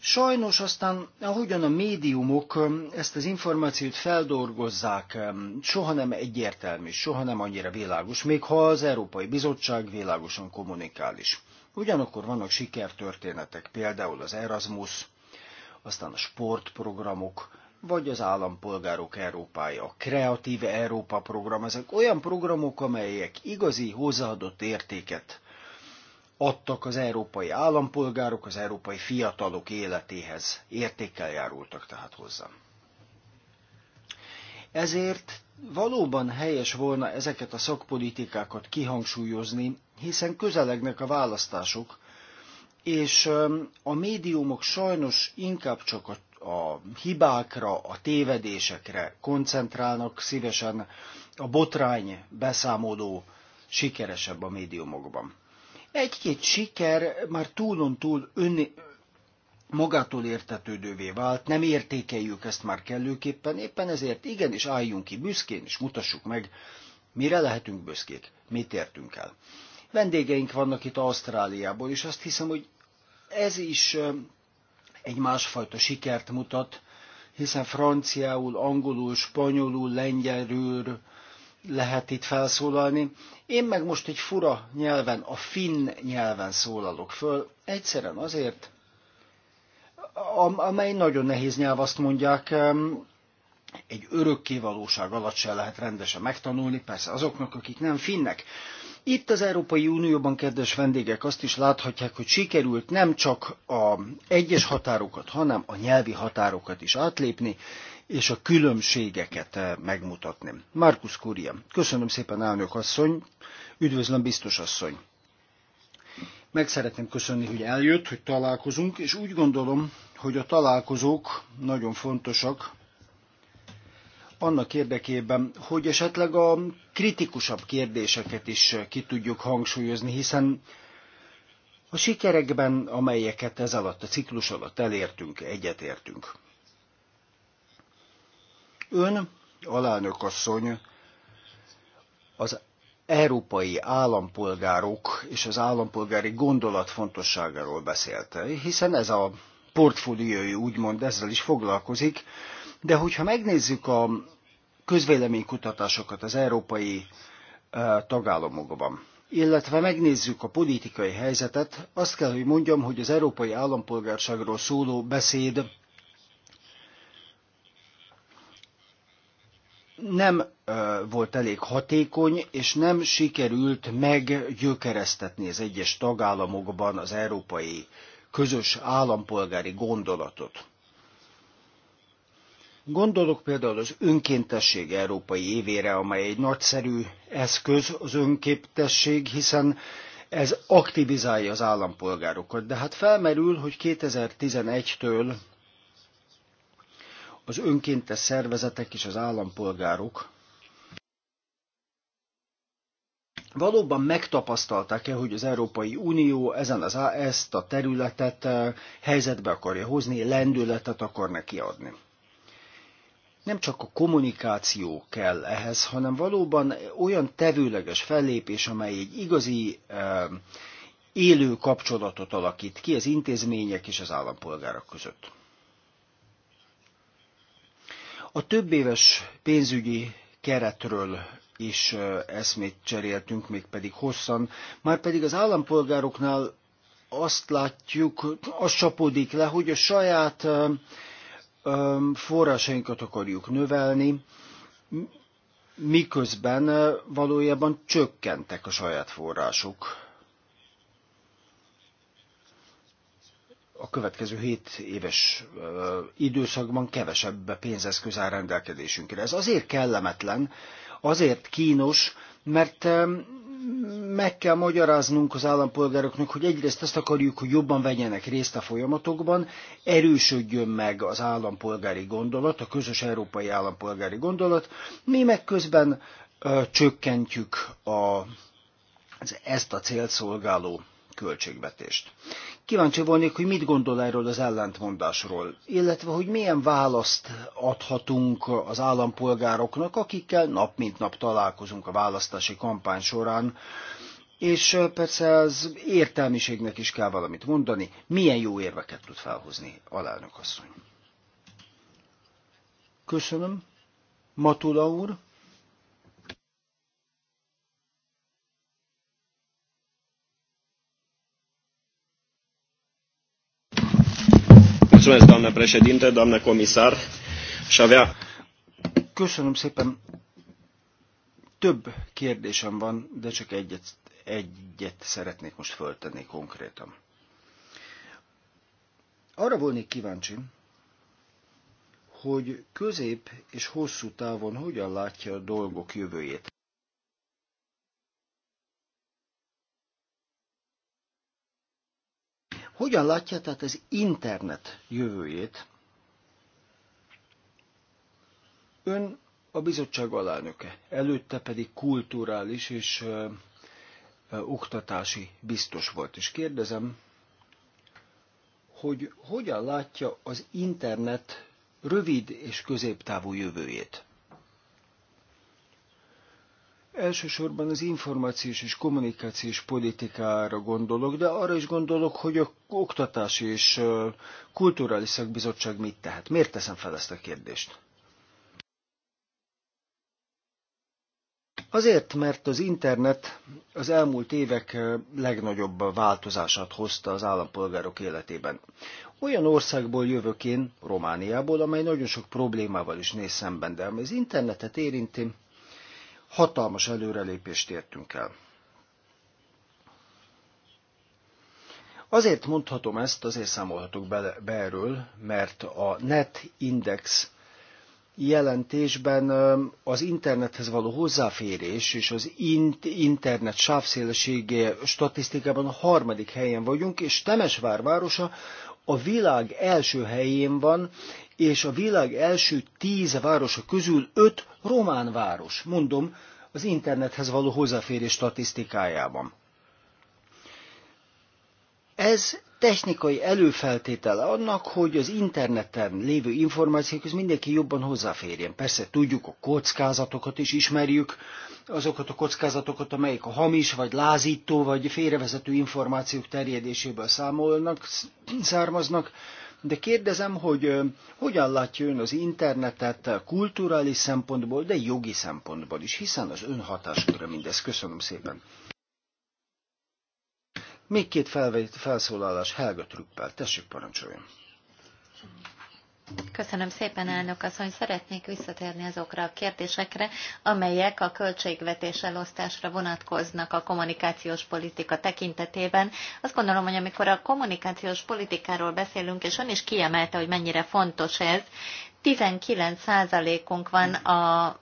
Sajnos aztán, ahogyan a médiumok ezt az információt feldolgozzák, soha nem egyértelmű, soha nem annyira világos, még ha az Európai Bizottság világosan kommunikál is. Ugyanakkor vannak sikertörténetek, például az Erasmus, aztán a sportprogramok, vagy az Állampolgárok Európája, a Kreatíve Európa program, ezek olyan programok, amelyek igazi hozzáadott értéket adtak az európai állampolgárok, az európai fiatalok életéhez, értékkel járultak tehát hozzá. Ezért valóban helyes volna ezeket a szakpolitikákat kihangsúlyozni, hiszen közelegnek a választások, és a médiumok sajnos inkább csak a a hibákra, a tévedésekre koncentrálnak szívesen, a botrány beszámoló sikeresebb a médiumokban. Egy-két siker már túlon túl ön magától értetődővé vált, nem értékeljük ezt már kellőképpen, éppen ezért igenis álljunk ki büszkén, és mutassuk meg, mire lehetünk büszkék, mit értünk el. Vendégeink vannak itt Ausztráliából, és azt hiszem, hogy ez is egy másfajta sikert mutat, hiszen franciául, angolul, spanyolul, lengyelről lehet itt felszólalni. Én meg most egy fura nyelven, a finn nyelven szólalok föl, egyszerűen azért, amely nagyon nehéz nyelv, azt mondják, egy örökké valóság alatt se lehet rendesen megtanulni, persze azoknak, akik nem finnek. Itt az Európai Unióban, kedves vendégek, azt is láthatják, hogy sikerült nem csak a egyes határokat, hanem a nyelvi határokat is átlépni, és a különbségeket eh, megmutatni. Markus Kuria, köszönöm szépen, elnök asszony, üdvözlöm, biztos asszony. Meg szeretném köszönni, hogy eljött, hogy találkozunk, és úgy gondolom, hogy a találkozók nagyon fontosak, annak érdekében, hogy esetleg a kritikusabb kérdéseket is ki tudjuk hangsúlyozni, hiszen a sikerekben, amelyeket ez alatt, a ciklus alatt elértünk, egyetértünk. Ön, alelnökasszony, az európai állampolgárok és az állampolgári gondolat fontosságáról beszélt, hiszen ez a portfóliói úgymond ezzel is foglalkozik, de hogyha megnézzük a közvéleménykutatásokat az európai tagállamokban. Illetve megnézzük a politikai helyzetet, azt kell, hogy mondjam, hogy az európai állampolgárságról szóló beszéd nem volt elég hatékony, és nem sikerült meggyökeresztetni az egyes tagállamokban az európai közös állampolgári gondolatot. Gondolok például az önkéntesség európai évére, amely egy nagyszerű eszköz az önkéntesség, hiszen ez aktivizálja az állampolgárokat. De hát felmerül, hogy 2011-től az önkéntes szervezetek és az állampolgárok valóban megtapasztalták-e, hogy az Európai Unió ezen az, ezt a területet eh, helyzetbe akarja hozni, lendületet akar neki adni nem csak a kommunikáció kell ehhez, hanem valóban olyan tevőleges fellépés, amely egy igazi élő kapcsolatot alakít ki az intézmények és az állampolgárok között. A több éves pénzügyi keretről is eszmét cseréltünk, pedig hosszan, már pedig az állampolgároknál azt látjuk, az csapódik le, hogy a saját forrásainkat akarjuk növelni, miközben valójában csökkentek a saját források. A következő 7 éves időszakban kevesebb pénzeszköz áll rendelkezésünkre. Ez azért kellemetlen, azért kínos, mert meg kell magyaráznunk az állampolgároknak, hogy egyrészt azt akarjuk, hogy jobban vegyenek részt a folyamatokban, erősödjön meg az állampolgári gondolat, a közös európai állampolgári gondolat, mi meg közben ö, csökkentjük a, ezt a célt szolgáló költségvetést. Kíváncsi volnék, hogy mit gondol erről az ellentmondásról, illetve hogy milyen választ adhatunk az állampolgároknak, akikkel nap mint nap találkozunk a választási kampány során, és eh, persze az értelmiségnek is kell valamit mondani, milyen jó érveket tud felhozni alelnök asszony. Köszönöm. Matula úr. Mulțumesc, doamnă președinte, doamnă comisar. Și avea... Köszönöm szépen. Több kérdésem van, de csak egyet, egyet szeretnék most föltenni konkrétan. Arra volnék kíváncsi, hogy közép és hosszú távon hogyan látja a dolgok jövőjét. Hogyan látja tehát az internet jövőjét? Ön a bizottság alelnöke, előtte pedig kulturális és ö, ö, oktatási biztos volt. És kérdezem, hogy hogyan látja az internet rövid és középtávú jövőjét? Elsősorban az információs és kommunikációs politikára gondolok, de arra is gondolok, hogy a oktatási és kulturális szakbizottság mit tehet. Miért teszem fel ezt a kérdést? Azért, mert az internet az elmúlt évek legnagyobb változását hozta az állampolgárok életében. Olyan országból jövök én, Romániából, amely nagyon sok problémával is néz szemben, de ami az internetet érinti, hatalmas előrelépést értünk el. Azért mondhatom ezt, azért számolhatok be, be erről, mert a Net Index jelentésben az internethez való hozzáférés és az internet sávszélessége statisztikában a harmadik helyen vagyunk, és Temesvár városa a világ első helyén van, és a világ első tíz városa közül öt román város, mondom, az internethez való hozzáférés statisztikájában. Ez technikai előfeltétele annak, hogy az interneten lévő információkhoz mindenki jobban hozzáférjen. Persze tudjuk, a kockázatokat is ismerjük, azokat a kockázatokat, amelyek a hamis, vagy lázító, vagy félrevezető információk terjedéséből számolnak, származnak, de kérdezem, hogy hogyan látja ön az internetet kulturális szempontból, de jogi szempontból is, hiszen az ön hatáskörre mindez. Köszönöm szépen. Még két felszólalás Helga Trüppel. Tessék, parancsoljon. Köszönöm szépen, elnök asszony. Szeretnék visszatérni azokra a kérdésekre, amelyek a költségvetés elosztásra vonatkoznak a kommunikációs politika tekintetében. Azt gondolom, hogy amikor a kommunikációs politikáról beszélünk, és ön is kiemelte, hogy mennyire fontos ez, 19%-unk van a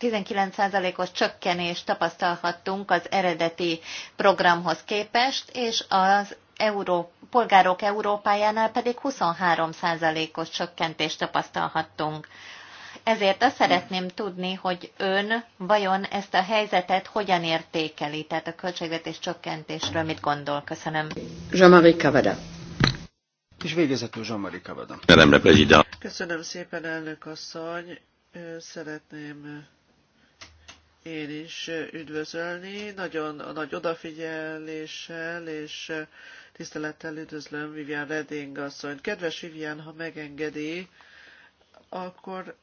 19%-os csökkenést tapasztalhattunk az eredeti programhoz képest, és az Euró, polgárok Európájánál pedig 23%-os csökkentést tapasztalhattunk. Ezért azt szeretném tudni, hogy ön vajon ezt a helyzetet hogyan értékeli, tehát a költségvetés csökkentésről mit gondol? Köszönöm. Jean-Marie Cavada. És végezetül Jean-Marie Cavada. Köszönöm szépen, elnök asszony. Szeretném én is üdvözölni. Nagyon nagy odafigyeléssel és Tisztelettel üdvözlöm Vivian Redding asszonyt. Kedves Vivian, ha megengedi, akkor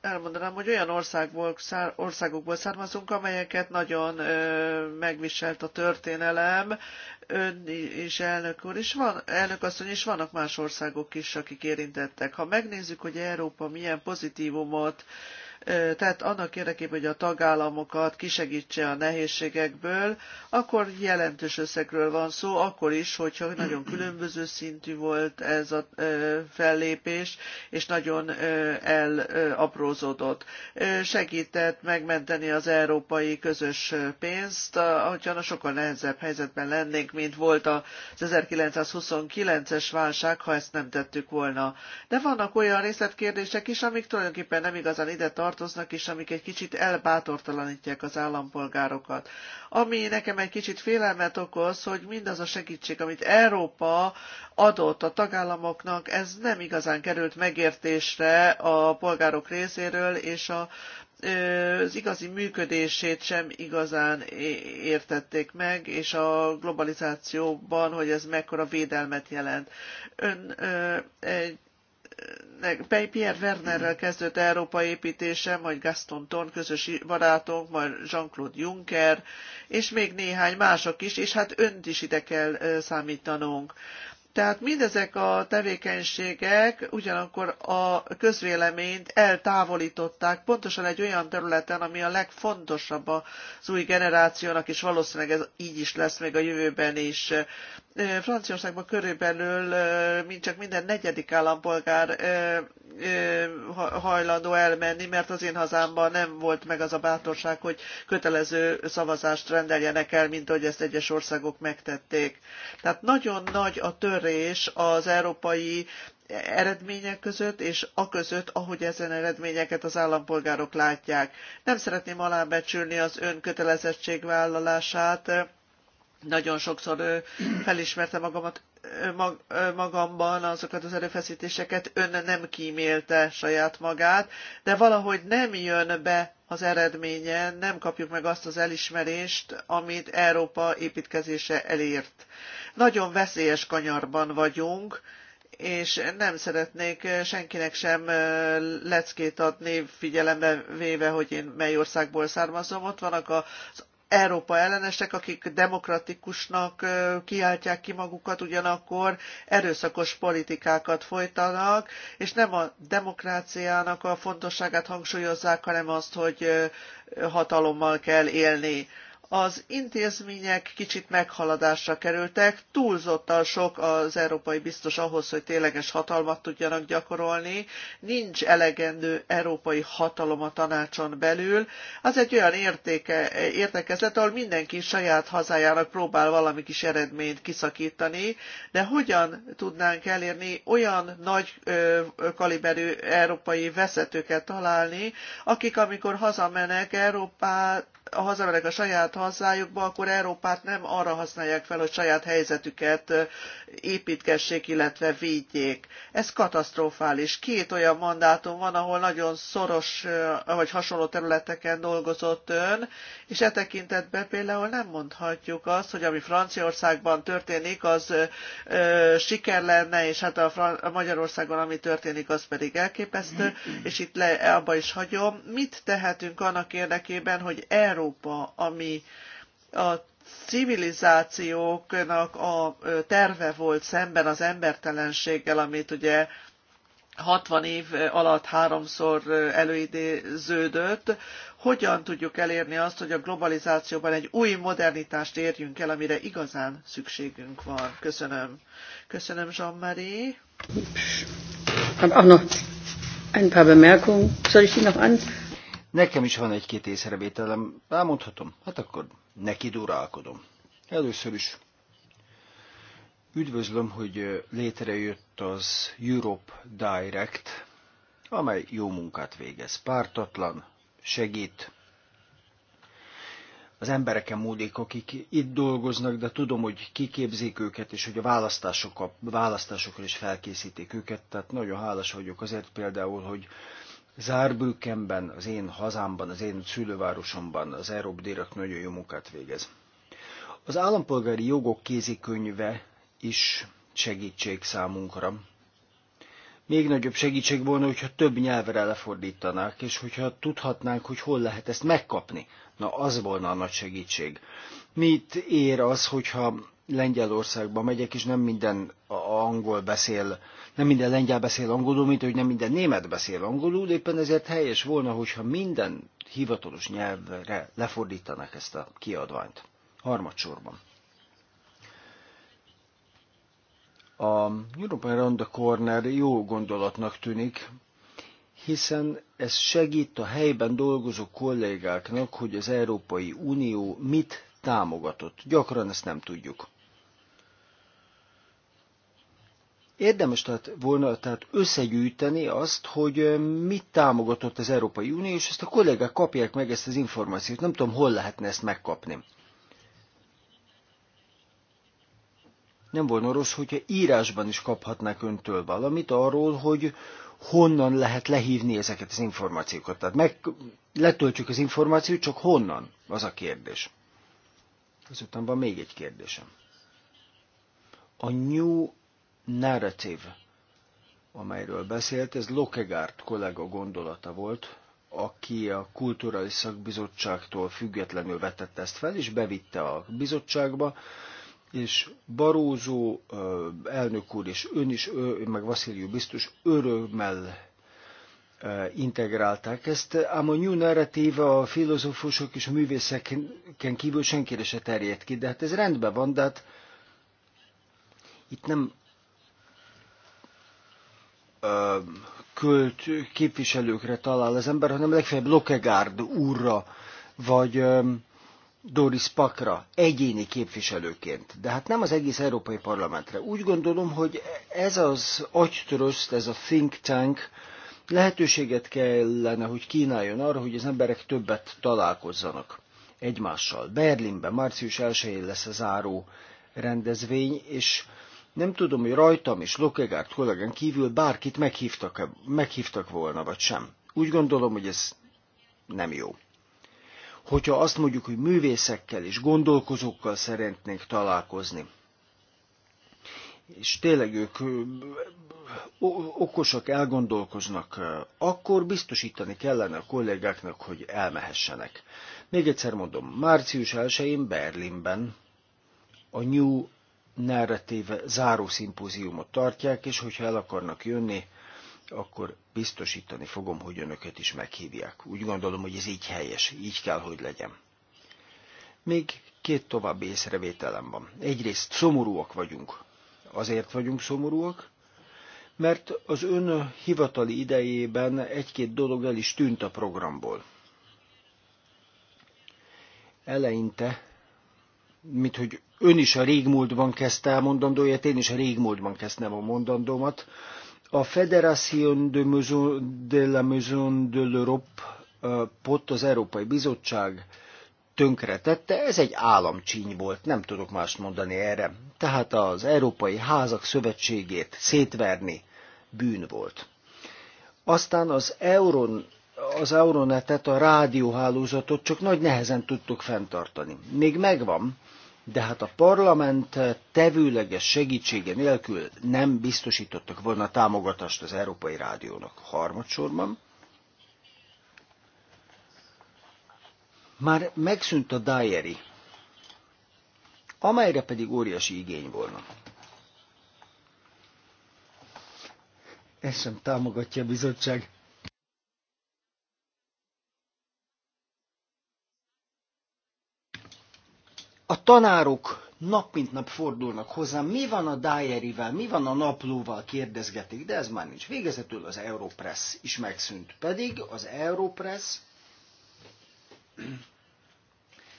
elmondanám, hogy olyan országból, szár, országokból származunk, amelyeket nagyon ö, megviselt a történelem, ön is elnök úr is van, elnök asszony is vannak más országok is, akik érintettek. Ha megnézzük, hogy Európa milyen pozitívumot tehát annak érdekében, hogy a tagállamokat kisegítse a nehézségekből, akkor jelentős összegről van szó, akkor is, hogyha nagyon különböző szintű volt ez a fellépés, és nagyon elaprózódott. Segített megmenteni az európai közös pénzt, hogyha sokkal nehezebb helyzetben lennénk, mint volt az 1929-es válság, ha ezt nem tettük volna. De vannak olyan részletkérdések is, amik tulajdonképpen nem igazán ide tartoznak, tartoznak, és amik egy kicsit elbátortalanítják az állampolgárokat. Ami nekem egy kicsit félelmet okoz, hogy mindaz a segítség, amit Európa adott a tagállamoknak, ez nem igazán került megértésre a polgárok részéről, és a az igazi működését sem igazán értették meg, és a globalizációban, hogy ez mekkora védelmet jelent. Ön egy Pierre Wernerrel kezdődött Európa építése, majd Gaston Ton közös barátunk, majd Jean-Claude Juncker, és még néhány mások is, és hát önt is ide kell számítanunk. Tehát mindezek a tevékenységek ugyanakkor a közvéleményt eltávolították pontosan egy olyan területen, ami a legfontosabb az új generációnak, és valószínűleg ez így is lesz még a jövőben is. Franciaországban körülbelül csak minden negyedik állampolgár hajlandó elmenni, mert az én hazámban nem volt meg az a bátorság, hogy kötelező szavazást rendeljenek el, mint ahogy ezt egyes országok megtették. Tehát nagyon nagy a törés az európai eredmények között, és a között, ahogy ezen eredményeket az állampolgárok látják. Nem szeretném alábecsülni az ön kötelezettségvállalását, nagyon sokszor felismerte magamat, magamban azokat az erőfeszítéseket, ön nem kímélte saját magát, de valahogy nem jön be az eredménye, nem kapjuk meg azt az elismerést, amit Európa építkezése elért. Nagyon veszélyes kanyarban vagyunk, és nem szeretnék senkinek sem leckét adni, figyelembe véve, hogy én mely országból származom. Ott vannak az Európa ellenesek, akik demokratikusnak kiáltják ki magukat, ugyanakkor erőszakos politikákat folytanak, és nem a demokráciának a fontosságát hangsúlyozzák, hanem azt, hogy hatalommal kell élni. Az intézmények kicsit meghaladásra kerültek, túlzottan sok az európai biztos ahhoz, hogy tényleges hatalmat tudjanak gyakorolni, nincs elegendő európai hatalom a tanácson belül. Az egy olyan értéke, értekezlet, ahol mindenki saját hazájának próbál valami kis eredményt kiszakítani, de hogyan tudnánk elérni olyan nagy ö, kaliberű európai vezetőket találni, akik amikor hazamenek Európát, hazamennek a saját hazájukba, akkor Európát nem arra használják fel, hogy saját helyzetüket építkessék, illetve védjék. Ez katasztrofális. Két olyan mandátum van, ahol nagyon szoros vagy hasonló területeken dolgozott ön, és e tekintetben például nem mondhatjuk azt, hogy ami Franciaországban történik, az ö, siker lenne, és hát a, Fran- a Magyarországon ami történik, az pedig elképesztő, és itt le, abba is hagyom. Mit tehetünk annak érdekében, hogy Európa Európa, ami a civilizációknak a terve volt szemben az embertelenséggel, amit ugye 60 év alatt háromszor előidéződött, hogyan tudjuk elérni azt, hogy a globalizációban egy új modernitást érjünk el, amire igazán szükségünk van. Köszönöm. Köszönöm, Jean-Marie. Hab auch noch ein paar Bemerkungen. Soll ich die noch an? Nekem is van egy-két észrevételem, elmondhatom? Hát akkor neki durálkodom. Először is üdvözlöm, hogy létrejött az Europe Direct, amely jó munkát végez. Pártatlan, segít, az embereken múlik, akik itt dolgoznak, de tudom, hogy kiképzik őket, és hogy a választásokkal, választásokkal is felkészítik őket. Tehát nagyon hálás vagyok azért például, hogy Zárbőkenben, az én hazámban, az én szülővárosomban az Európ Dérak nagyon jó munkát végez. Az állampolgári jogok kézikönyve is segítség számunkra. Még nagyobb segítség volna, hogyha több nyelvre lefordítanák, és hogyha tudhatnánk, hogy hol lehet ezt megkapni. Na, az volna a nagy segítség. Mit ér az, hogyha Lengyelországba megyek, és nem minden angol beszél, nem minden lengyel beszél angolul, mint hogy nem minden német beszél angolul, De éppen ezért helyes volna, hogyha minden hivatalos nyelvre lefordítanak ezt a kiadványt. Harmadsorban. A European Round the Corner jó gondolatnak tűnik, hiszen ez segít a helyben dolgozó kollégáknak, hogy az Európai Unió mit támogatott. Gyakran ezt nem tudjuk. Érdemes tehát volna tehát összegyűjteni azt, hogy mit támogatott az Európai Unió, és ezt a kollégák kapják meg ezt az információt. Nem tudom, hol lehetne ezt megkapni. Nem volna rossz, hogyha írásban is kaphatnák öntől valamit arról, hogy honnan lehet lehívni ezeket az információkat. Tehát meg letöltjük az információt, csak honnan, az a kérdés. Azután van még egy kérdésem. A New narrative, amelyről beszélt, ez Lokegárt kollega gondolata volt, aki a Kulturális Szakbizottságtól függetlenül vetette ezt fel, és bevitte a bizottságba, és Barózó elnök úr, és ön is, ő, meg Vasziliu biztos örömmel integrálták ezt, ám a New Narrative a filozófusok és a művészeken kívül senkire se terjed ki, de hát ez rendben van, de hát itt nem költ képviselőkre talál az ember, hanem legfeljebb Lokegárd úrra, vagy Doris Pakra egyéni képviselőként, de hát nem az egész Európai Parlamentre. Úgy gondolom, hogy ez az agytöröszt, ez a think tank lehetőséget kellene, hogy kínáljon arra, hogy az emberek többet találkozzanak egymással. Berlinben március 1-én lesz a záró rendezvény, és nem tudom, hogy rajtam és Lokegárt kollégán kívül bárkit meghívtak, -e, meghívtak volna, vagy sem. Úgy gondolom, hogy ez nem jó. Hogyha azt mondjuk, hogy művészekkel és gondolkozókkal szeretnénk találkozni, és tényleg ők okosak, elgondolkoznak, akkor biztosítani kellene a kollégáknak, hogy elmehessenek. Még egyszer mondom, március 1-én Berlinben a New narratív záró szimpóziumot tartják, és hogyha el akarnak jönni, akkor biztosítani fogom, hogy önöket is meghívják. Úgy gondolom, hogy ez így helyes, így kell, hogy legyen. Még két további észrevételem van. Egyrészt szomorúak vagyunk. Azért vagyunk szomorúak, mert az ön hivatali idejében egy-két dolog el is tűnt a programból. Eleinte, mint hogy Ön is a régmúltban kezdte el mondandóját, én is a régmúltban kezdtem a mondandómat. A Federation de, Maison, de la Maison de l'Europe pot az Európai Bizottság tönkretette, ez egy államcsíny volt, nem tudok mást mondani erre. Tehát az Európai Házak Szövetségét szétverni bűn volt. Aztán az Euron az Euronetet, a rádióhálózatot csak nagy nehezen tudtuk fenntartani. Még megvan, de hát a parlament tevőleges segítsége nélkül nem biztosítottak volna támogatást az Európai Rádiónak. Harmadsorban már megszűnt a diary, amelyre pedig óriási igény volna. Ezt sem támogatja a bizottság. a tanárok nap mint nap fordulnak hozzám, mi van a diary mi van a naplóval kérdezgetik, de ez már nincs. Végezetül az Europress is megszűnt. Pedig az Europress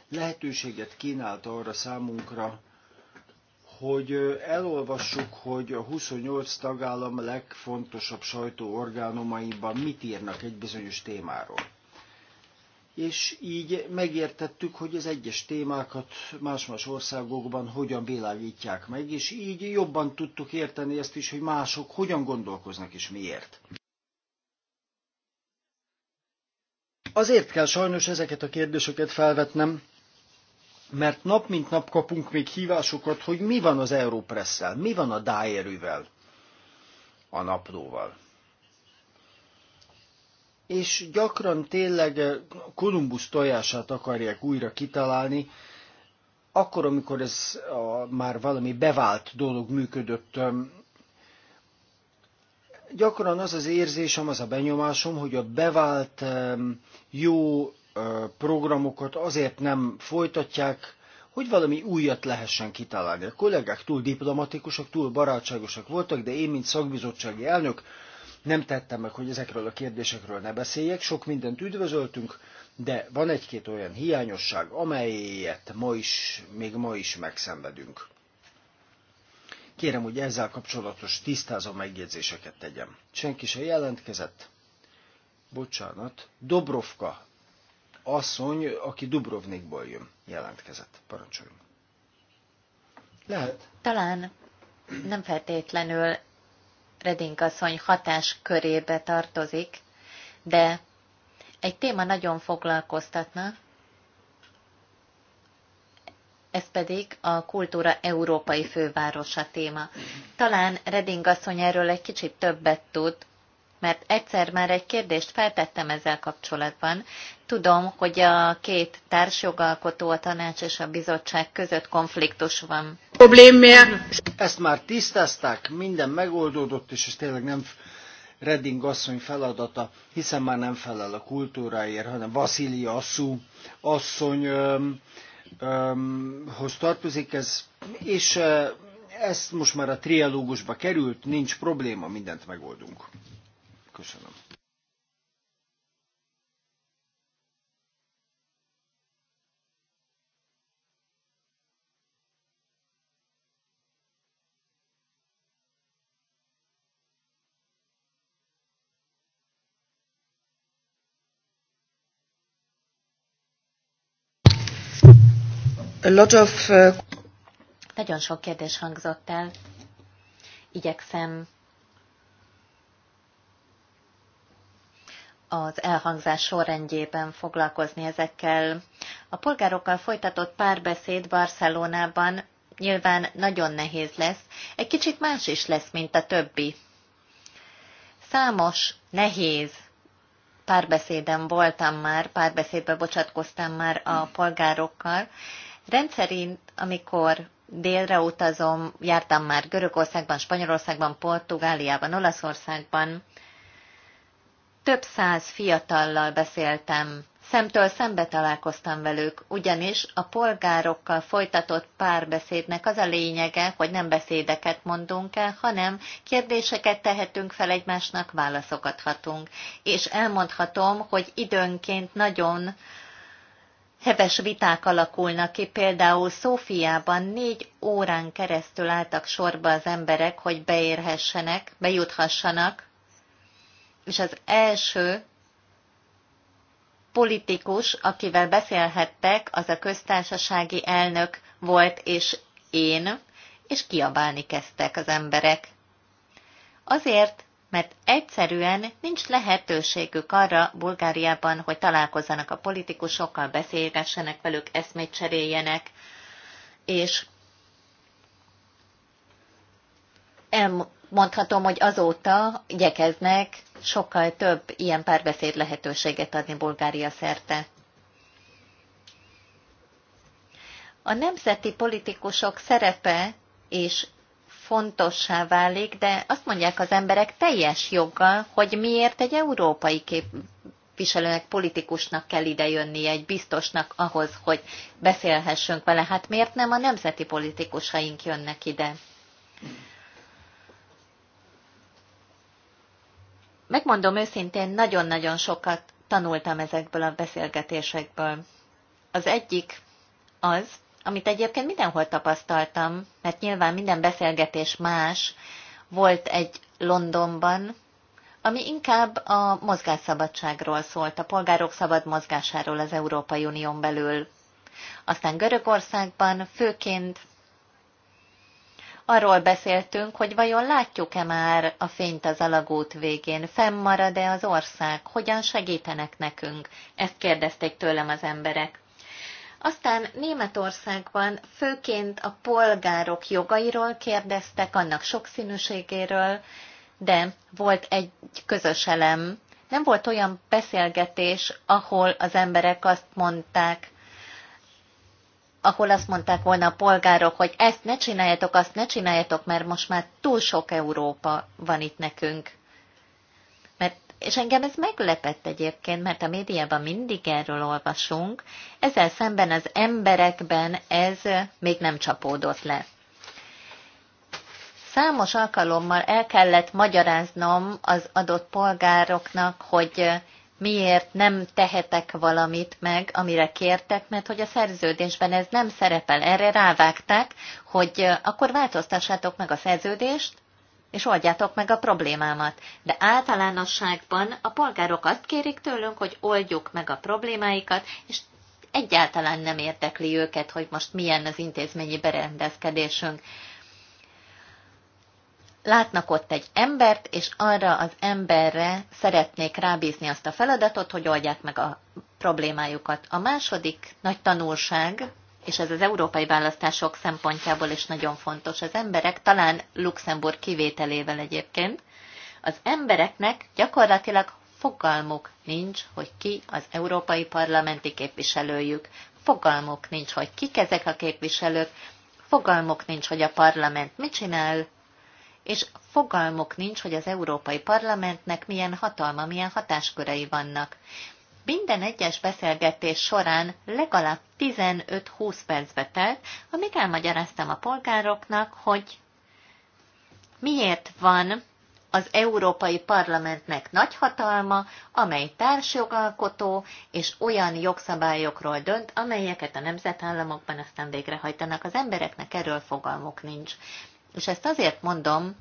lehetőséget kínálta arra számunkra, hogy elolvassuk, hogy a 28 tagállam legfontosabb sajtóorgánumaiban mit írnak egy bizonyos témáról és így megértettük, hogy az egyes témákat más-más országokban hogyan világítják meg, és így jobban tudtuk érteni ezt is, hogy mások hogyan gondolkoznak és miért. Azért kell sajnos ezeket a kérdéseket felvetnem, mert nap mint nap kapunk még hívásokat, hogy mi van az Európresszel, mi van a Dáerővel, a naplóval és gyakran tényleg eh, Kolumbusz tojását akarják újra kitalálni, akkor, amikor ez a, már valami bevált dolog működött, gyakran az az érzésem, az a benyomásom, hogy a bevált jó eh, programokat azért nem folytatják, hogy valami újat lehessen kitalálni. A kollégák túl diplomatikusak, túl barátságosak voltak, de én, mint szakbizottsági elnök, nem tettem meg, hogy ezekről a kérdésekről ne beszéljek. Sok mindent üdvözöltünk, de van egy-két olyan hiányosság, amelyet ma is, még ma is megszenvedünk. Kérem, hogy ezzel kapcsolatos tisztázó megjegyzéseket tegyem. Senki se jelentkezett. Bocsánat, Dobrovka asszony, aki Dubrovnikból jön, jelentkezett. Parancsoljunk. Lehet. Talán nem feltétlenül Redink asszony körébe tartozik, de egy téma nagyon foglalkoztatna, ez pedig a kultúra európai fővárosa téma. Talán Reding asszony erről egy kicsit többet tud, mert egyszer már egy kérdést feltettem ezzel kapcsolatban. Tudom, hogy a két társjogalkotó, a tanács és a bizottság között konfliktus van. Problémia. Ezt már tisztázták, minden megoldódott, és ez tényleg nem Redding asszony feladata, hiszen már nem felel a kultúráért, hanem Vasilia asszú asszony öm, öm, hoz tartozik ez, és ezt most már a trialógusba került, nincs probléma, mindent megoldunk. Köszönöm. A lot of, uh... Nagyon sok kérdés hangzott el. Igyekszem az elhangzás sorrendjében foglalkozni ezekkel. A polgárokkal folytatott párbeszéd Barcelonában nyilván nagyon nehéz lesz, egy kicsit más is lesz, mint a többi. Számos, nehéz párbeszéden voltam már, párbeszédbe bocsatkoztam már a polgárokkal. Rendszerint, amikor délre utazom, jártam már Görögországban, Spanyolországban, Portugáliában, Olaszországban, több száz fiatallal beszéltem, szemtől szembe találkoztam velük, ugyanis a polgárokkal folytatott párbeszédnek az a lényege, hogy nem beszédeket mondunk el, hanem kérdéseket tehetünk fel egymásnak, válaszokat hatunk. És elmondhatom, hogy időnként nagyon Heves viták alakulnak ki, például Szófiában négy órán keresztül álltak sorba az emberek, hogy beérhessenek, bejuthassanak és az első politikus, akivel beszélhettek, az a köztársasági elnök volt, és én, és kiabálni kezdtek az emberek. Azért, mert egyszerűen nincs lehetőségük arra Bulgáriában, hogy találkozzanak a politikusokkal, beszélgessenek velük, eszmét cseréljenek, és elmondhatom, hogy azóta igyekeznek sokkal több ilyen párbeszéd lehetőséget adni Bulgária szerte. A nemzeti politikusok szerepe és fontossá válik, de azt mondják az emberek teljes joggal, hogy miért egy európai képviselőnek, politikusnak kell idejönnie, egy biztosnak ahhoz, hogy beszélhessünk vele. Hát miért nem a nemzeti politikusaink jönnek ide? megmondom őszintén, nagyon-nagyon sokat tanultam ezekből a beszélgetésekből. Az egyik az, amit egyébként mindenhol tapasztaltam, mert nyilván minden beszélgetés más, volt egy Londonban, ami inkább a mozgásszabadságról szólt, a polgárok szabad mozgásáról az Európai Unión belül. Aztán Görögországban főként arról beszéltünk, hogy vajon látjuk-e már a fényt az alagút végén, fennmarad-e az ország, hogyan segítenek nekünk? Ezt kérdezték tőlem az emberek. Aztán Németországban főként a polgárok jogairól kérdeztek, annak sokszínűségéről, de volt egy közös elem. Nem volt olyan beszélgetés, ahol az emberek azt mondták, ahol azt mondták volna a polgárok, hogy ezt ne csináljátok, azt ne csináljátok, mert most már túl sok Európa van itt nekünk. Mert, és engem ez meglepett egyébként, mert a médiában mindig erről olvasunk, ezzel szemben az emberekben ez még nem csapódott le. Számos alkalommal el kellett magyaráznom az adott polgároknak, hogy miért nem tehetek valamit meg, amire kértek, mert hogy a szerződésben ez nem szerepel. Erre rávágták, hogy akkor változtassátok meg a szerződést, és oldjátok meg a problémámat. De általánosságban a polgárok azt kérik tőlünk, hogy oldjuk meg a problémáikat, és egyáltalán nem érdekli őket, hogy most milyen az intézményi berendezkedésünk látnak ott egy embert, és arra az emberre szeretnék rábízni azt a feladatot, hogy oldják meg a problémájukat. A második nagy tanulság, és ez az európai választások szempontjából is nagyon fontos, az emberek, talán Luxemburg kivételével egyébként, az embereknek gyakorlatilag fogalmuk nincs, hogy ki az európai parlamenti képviselőjük, fogalmuk nincs, hogy kik ezek a képviselők, fogalmuk nincs, hogy a parlament mit csinál, és fogalmok nincs, hogy az Európai Parlamentnek milyen hatalma, milyen hatáskörei vannak. Minden egyes beszélgetés során legalább 15-20 percbe telt, amíg elmagyaráztam a polgároknak, hogy miért van az Európai Parlamentnek nagy hatalma, amely társjogalkotó és olyan jogszabályokról dönt, amelyeket a nemzetállamokban aztán végrehajtanak. Az embereknek erről fogalmuk nincs. És ezt azért mondom,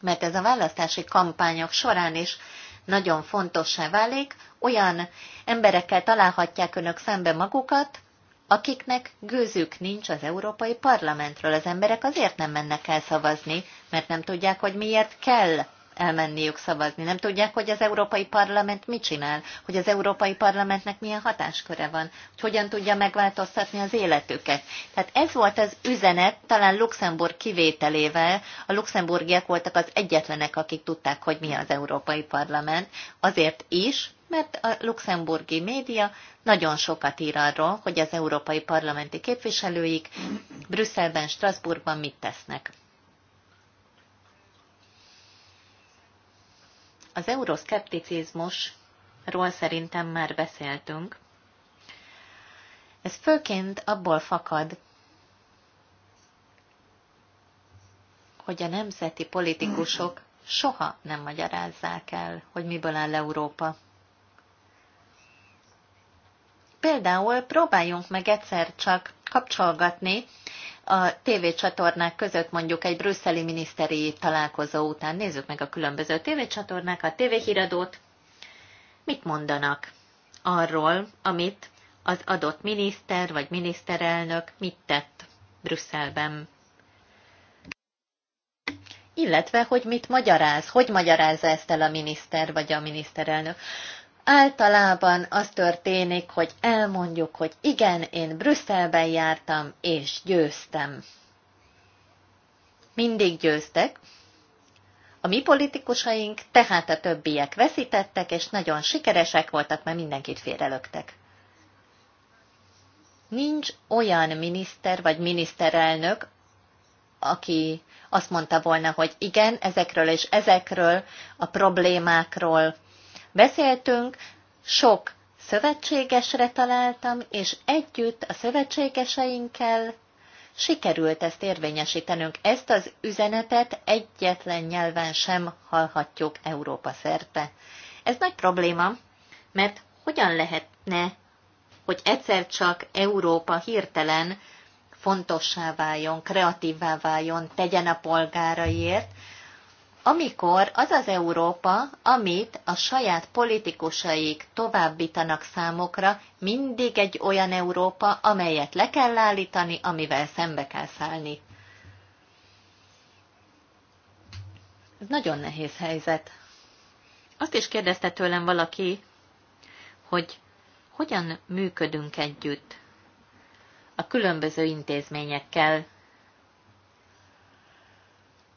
mert ez a választási kampányok során is nagyon fontossá válik, olyan emberekkel találhatják önök szembe magukat, akiknek gőzük nincs az Európai Parlamentről. Az emberek azért nem mennek el szavazni, mert nem tudják, hogy miért kell elmenniük szavazni. Nem tudják, hogy az Európai Parlament mit csinál, hogy az Európai Parlamentnek milyen hatásköre van, hogy hogyan tudja megváltoztatni az életüket. Tehát ez volt az üzenet, talán Luxemburg kivételével. A luxemburgiak voltak az egyetlenek, akik tudták, hogy mi az Európai Parlament. Azért is, mert a luxemburgi média nagyon sokat ír arról, hogy az európai parlamenti képviselőik Brüsszelben, Strasbourgban mit tesznek. Az euroszkepticizmusról szerintem már beszéltünk. Ez főként abból fakad, hogy a nemzeti politikusok soha nem magyarázzák el, hogy miből áll Európa. Például próbáljunk meg egyszer csak kapcsolgatni a tévécsatornák között mondjuk egy brüsszeli miniszteri találkozó után nézzük meg a különböző a tévéhíradót, mit mondanak arról, amit az adott miniszter vagy miniszterelnök mit tett Brüsszelben. Illetve, hogy mit magyaráz, hogy magyarázza ezt el a miniszter vagy a miniszterelnök. Általában az történik, hogy elmondjuk, hogy igen, én Brüsszelben jártam, és győztem. Mindig győztek. A mi politikusaink, tehát a többiek veszítettek, és nagyon sikeresek voltak, mert mindenkit félrelöktek. Nincs olyan miniszter vagy miniszterelnök, aki azt mondta volna, hogy igen, ezekről és ezekről a problémákról beszéltünk, sok szövetségesre találtam, és együtt a szövetségeseinkkel sikerült ezt érvényesítenünk. Ezt az üzenetet egyetlen nyelven sem hallhatjuk Európa szerte. Ez nagy probléma, mert hogyan lehetne, hogy egyszer csak Európa hirtelen fontossá váljon, kreatívvá váljon, tegyen a polgáraiért, amikor az az Európa, amit a saját politikusaik továbbítanak számokra, mindig egy olyan Európa, amelyet le kell állítani, amivel szembe kell szállni. Ez nagyon nehéz helyzet. Azt is kérdezte tőlem valaki, hogy hogyan működünk együtt a különböző intézményekkel,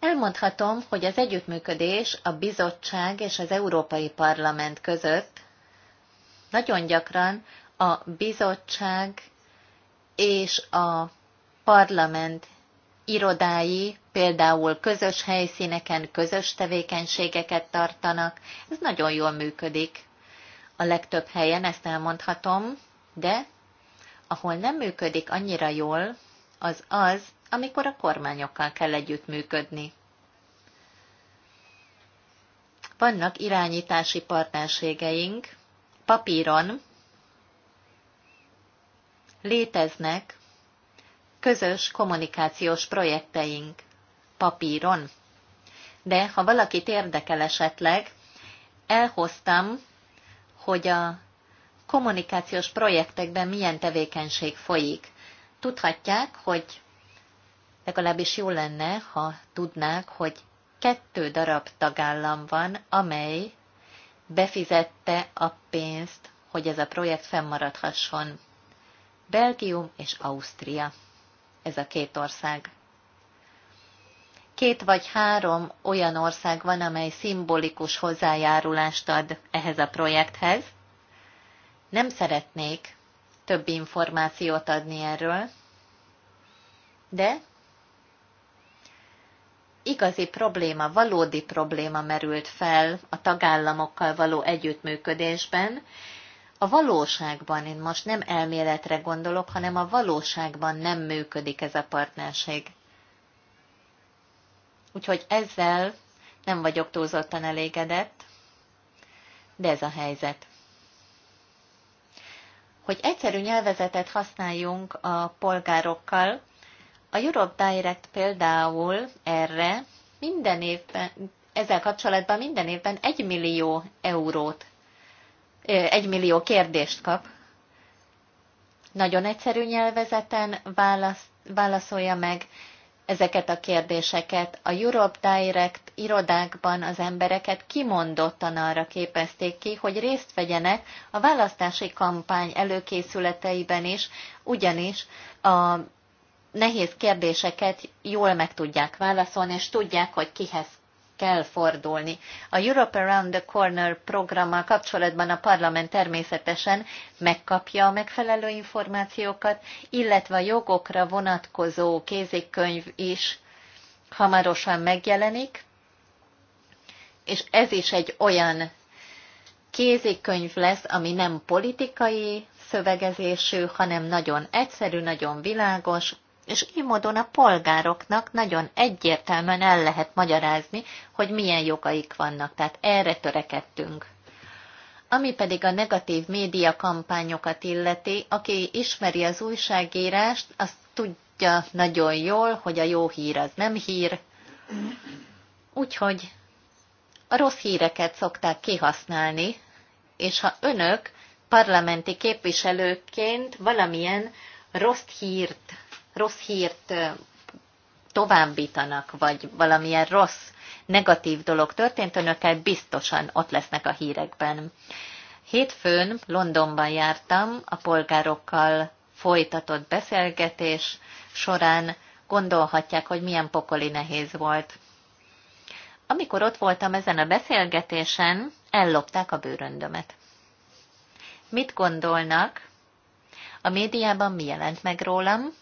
Elmondhatom, hogy az együttműködés a bizottság és az Európai Parlament között nagyon gyakran a bizottság és a parlament irodái például közös helyszíneken közös tevékenységeket tartanak. Ez nagyon jól működik. A legtöbb helyen ezt elmondhatom, de ahol nem működik annyira jól, az az, amikor a kormányokkal kell együttműködni. Vannak irányítási partnerségeink, papíron léteznek közös kommunikációs projekteink, papíron. De ha valakit érdekel esetleg, elhoztam, hogy a kommunikációs projektekben milyen tevékenység folyik tudhatják, hogy legalábbis jó lenne, ha tudnák, hogy kettő darab tagállam van, amely befizette a pénzt, hogy ez a projekt fennmaradhasson. Belgium és Ausztria. Ez a két ország. Két vagy három olyan ország van, amely szimbolikus hozzájárulást ad ehhez a projekthez. Nem szeretnék, több információt adni erről, de igazi probléma, valódi probléma merült fel a tagállamokkal való együttműködésben. A valóságban, én most nem elméletre gondolok, hanem a valóságban nem működik ez a partnerség. Úgyhogy ezzel nem vagyok túlzottan elégedett, de ez a helyzet hogy egyszerű nyelvezetet használjunk a polgárokkal. A Europe Direct például erre minden évben, ezzel kapcsolatban minden évben egy millió eurót, egy millió kérdést kap. Nagyon egyszerű nyelvezeten válasz, válaszolja meg ezeket a kérdéseket. A Europe Direct irodákban az embereket kimondottan arra képezték ki, hogy részt vegyenek a választási kampány előkészületeiben is, ugyanis a nehéz kérdéseket jól meg tudják válaszolni, és tudják, hogy kihez kell fordulni. A Europe Around the Corner programmal kapcsolatban a parlament természetesen megkapja a megfelelő információkat, illetve a jogokra vonatkozó kézikönyv is hamarosan megjelenik, és ez is egy olyan kézikönyv lesz, ami nem politikai szövegezésű, hanem nagyon egyszerű, nagyon világos, és így módon a polgároknak nagyon egyértelműen el lehet magyarázni, hogy milyen jogaik vannak. Tehát erre törekedtünk. Ami pedig a negatív média kampányokat illeti, aki ismeri az újságírást, azt tudja nagyon jól, hogy a jó hír az nem hír. Úgyhogy a rossz híreket szokták kihasználni, és ha önök parlamenti képviselőként valamilyen rossz hírt rossz hírt továbbítanak, vagy valamilyen rossz, negatív dolog történt, önökkel biztosan ott lesznek a hírekben. Hétfőn Londonban jártam, a polgárokkal folytatott beszélgetés során gondolhatják, hogy milyen pokoli nehéz volt. Amikor ott voltam ezen a beszélgetésen, ellopták a bőröndömet. Mit gondolnak? A médiában mi jelent meg rólam?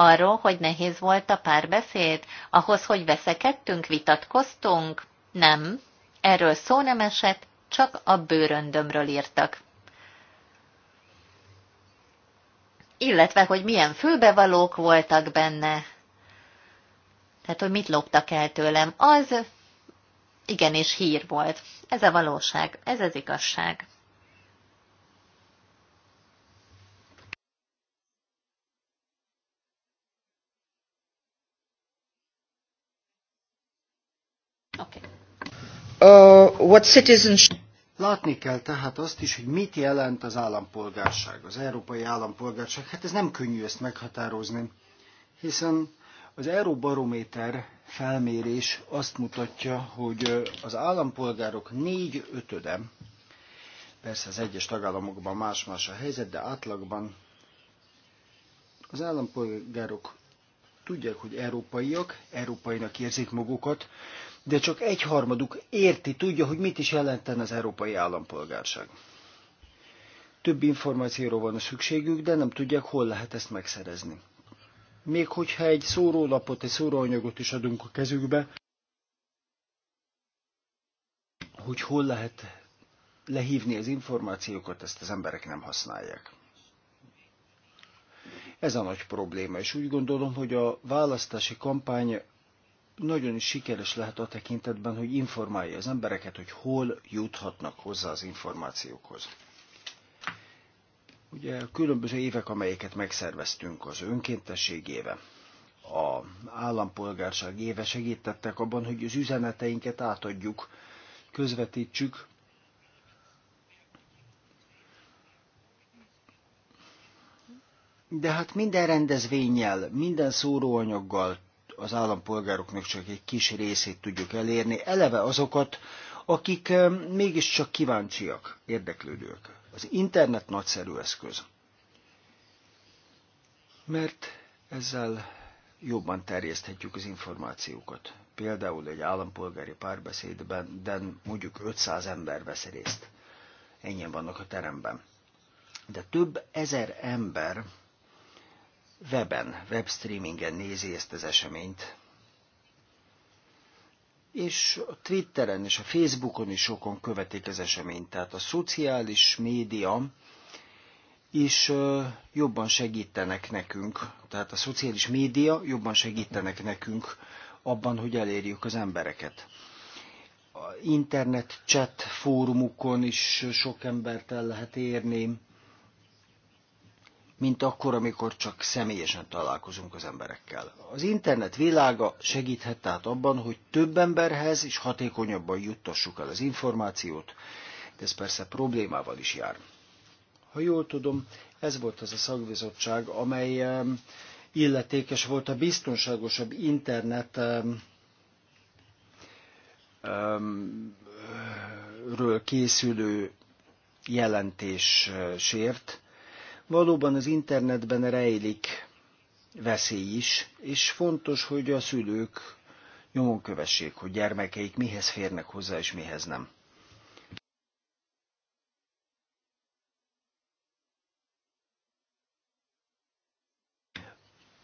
Arról, hogy nehéz volt a párbeszéd? Ahhoz, hogy veszekedtünk, vitatkoztunk? Nem. Erről szó nem esett, csak a bőröndömről írtak. Illetve, hogy milyen fülbevalók voltak benne. Tehát, hogy mit loptak el tőlem. Az igenis hír volt. Ez a valóság, ez az igazság. uh, what citizens... Látni kell tehát azt is, hogy mit jelent az állampolgárság, az európai állampolgárság. Hát ez nem könnyű ezt meghatározni, hiszen az Euróbarométer felmérés azt mutatja, hogy az állampolgárok négy ötöde, persze az egyes tagállamokban más-más a helyzet, de átlagban az állampolgárok tudják, hogy európaiak, európainak érzik magukat, de csak egyharmaduk érti, tudja, hogy mit is jelenten az európai állampolgárság. Több információra van a szükségük, de nem tudják, hol lehet ezt megszerezni. Még hogyha egy szórólapot, egy szóróanyagot is adunk a kezükbe, hogy hol lehet lehívni az információkat, ezt az emberek nem használják. Ez a nagy probléma, és úgy gondolom, hogy a választási kampány nagyon is sikeres lehet a tekintetben, hogy informálja az embereket, hogy hol juthatnak hozzá az információkhoz. Ugye a különböző évek, amelyeket megszerveztünk, az önkéntesség éve, a állampolgárság éve segítettek abban, hogy az üzeneteinket átadjuk, közvetítsük, De hát minden rendezvényel, minden szóróanyaggal az állampolgároknak csak egy kis részét tudjuk elérni, eleve azokat, akik mégiscsak kíváncsiak, érdeklődők. Az internet nagyszerű eszköz, mert ezzel jobban terjeszthetjük az információkat. Például egy állampolgári párbeszédben, de mondjuk 500 ember vesz részt. Ennyien vannak a teremben. De több ezer ember weben, webstreamingen nézi ezt az eseményt. És a Twitteren és a Facebookon is sokan követik az eseményt. Tehát a szociális média is jobban segítenek nekünk, tehát a szociális média jobban segítenek nekünk abban, hogy elérjük az embereket. A internet chat fórumukon is sok embert el lehet érni, mint akkor, amikor csak személyesen találkozunk az emberekkel. Az internet világa segíthet tehát abban, hogy több emberhez és hatékonyabban juttassuk el az információt, de ez persze problémával is jár. Ha jól tudom, ez volt az a szakbizottság, amely illetékes volt a biztonságosabb internet ről készülő jelentésért, Valóban az internetben rejlik veszély is, és fontos, hogy a szülők nyomon kövessék, hogy gyermekeik mihez férnek hozzá, és mihez nem.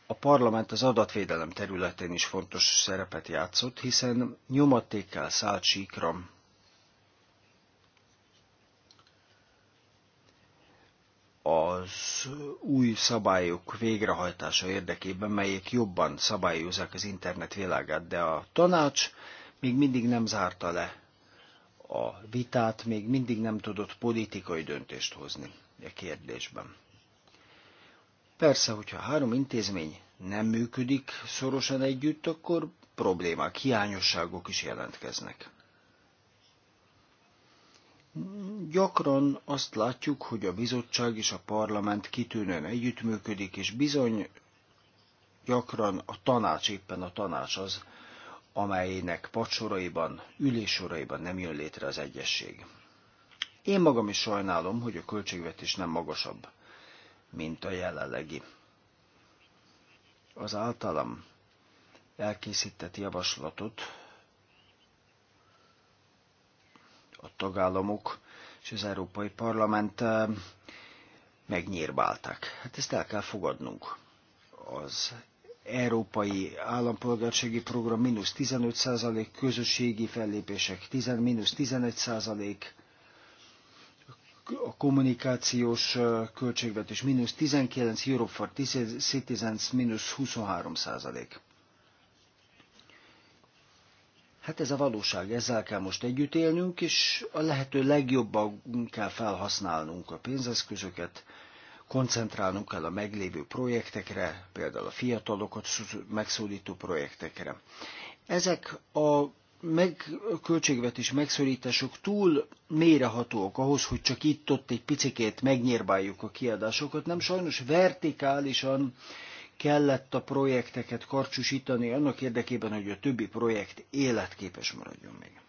A parlament az adatvédelem területén is fontos szerepet játszott, hiszen nyomatékkel szállt síkra az új szabályok végrehajtása érdekében, melyek jobban szabályozzák az internet világát, de a tanács még mindig nem zárta le a vitát, még mindig nem tudott politikai döntést hozni a e kérdésben. Persze, hogyha három intézmény nem működik szorosan együtt, akkor problémák, hiányosságok is jelentkeznek. Gyakran azt látjuk, hogy a bizottság és a parlament kitűnően együttműködik, és bizony gyakran a tanács éppen a tanács az, amelynek pacsoraiban, ülésoraiban nem jön létre az egyesség. Én magam is sajnálom, hogy a költségvetés nem magasabb, mint a jelenlegi. Az általam elkészített javaslatot a tagállamok és az Európai Parlament eh, megnyírbálták. Hát ezt el kell fogadnunk. Az Európai Állampolgársági Program mínusz 15%, százalék közösségi fellépések mínusz 11%, a kommunikációs eh, költségvetés mínusz 19, Europe for Citizens mínusz 23 százalék. Hát ez a valóság, ezzel kell most együtt élnünk, és a lehető legjobban kell felhasználnunk a pénzeszközöket, koncentrálnunk kell a meglévő projektekre, például a fiatalokat megszólító projektekre. Ezek a meg, költségvetés megszorítások túl mérehatóak ahhoz, hogy csak itt-ott egy picikét megnyírbáljuk a kiadásokat, nem sajnos vertikálisan kellett a projekteket karcsúsítani annak érdekében, hogy a többi projekt életképes maradjon még.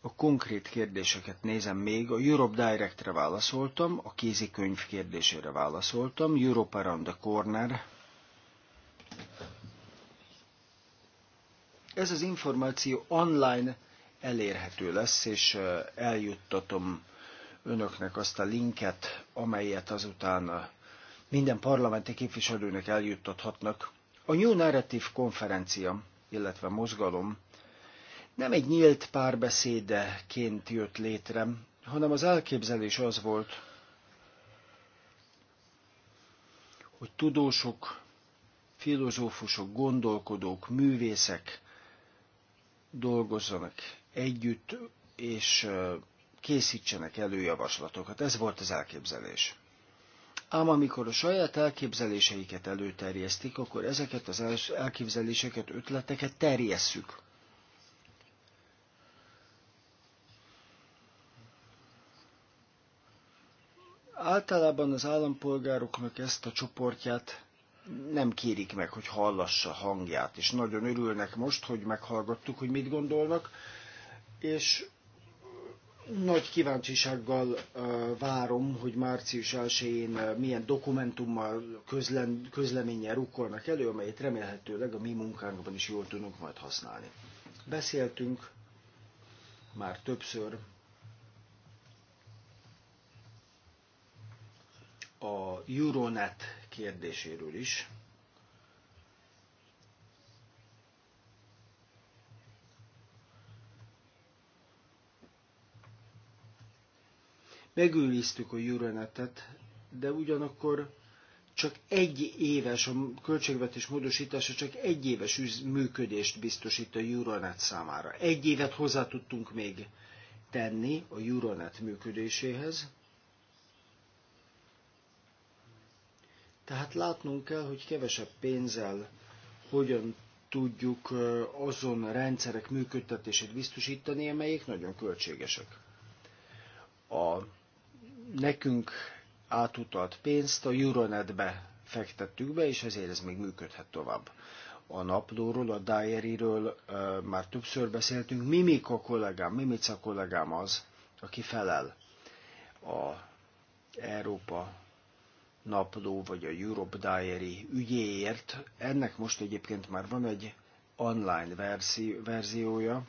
A konkrét kérdéseket nézem még. A Europe Directre válaszoltam, a kézikönyv kérdésére válaszoltam, Europe Around the Corner. Ez az információ online elérhető lesz, és eljuttatom önöknek azt a linket, amelyet azután minden parlamenti képviselőnek eljuttathatnak. A New Narrative konferencia, illetve mozgalom nem egy nyílt párbeszédeként jött létre, hanem az elképzelés az volt, hogy tudósok, filozófusok, gondolkodók, művészek dolgozzanak együtt, és készítsenek előjavaslatokat. Ez volt az elképzelés. Ám amikor a saját elképzeléseiket előterjesztik, akkor ezeket az elképzeléseket, ötleteket terjesszük. Általában az állampolgároknak ezt a csoportját nem kérik meg, hogy hallassa hangját, és nagyon örülnek most, hogy meghallgattuk, hogy mit gondolnak, és nagy kíváncsisággal várom, hogy március 1-én milyen dokumentummal, közlen, közleménnyel rukkolnak elő, amelyet remélhetőleg a mi munkánkban is jól tudunk majd használni. Beszéltünk már többször a Euronet kérdéséről is. Megőriztük a Euronetet, de ugyanakkor csak egy éves, a költségvetés módosítása csak egy éves működést biztosít a Euronet számára. Egy évet hozzá tudtunk még tenni a Euronet működéséhez. Tehát látnunk kell, hogy kevesebb pénzzel hogyan tudjuk azon rendszerek működtetését biztosítani, amelyek nagyon költségesek. A nekünk átutalt pénzt a Euronetbe fektettük be, és ezért ez még működhet tovább. A naplóról, a diaryről e, már többször beszéltünk. a kollégám, a kollégám az, aki felel a Európa napló vagy a Europe Diary ügyéért. Ennek most egyébként már van egy online verzi, verziója.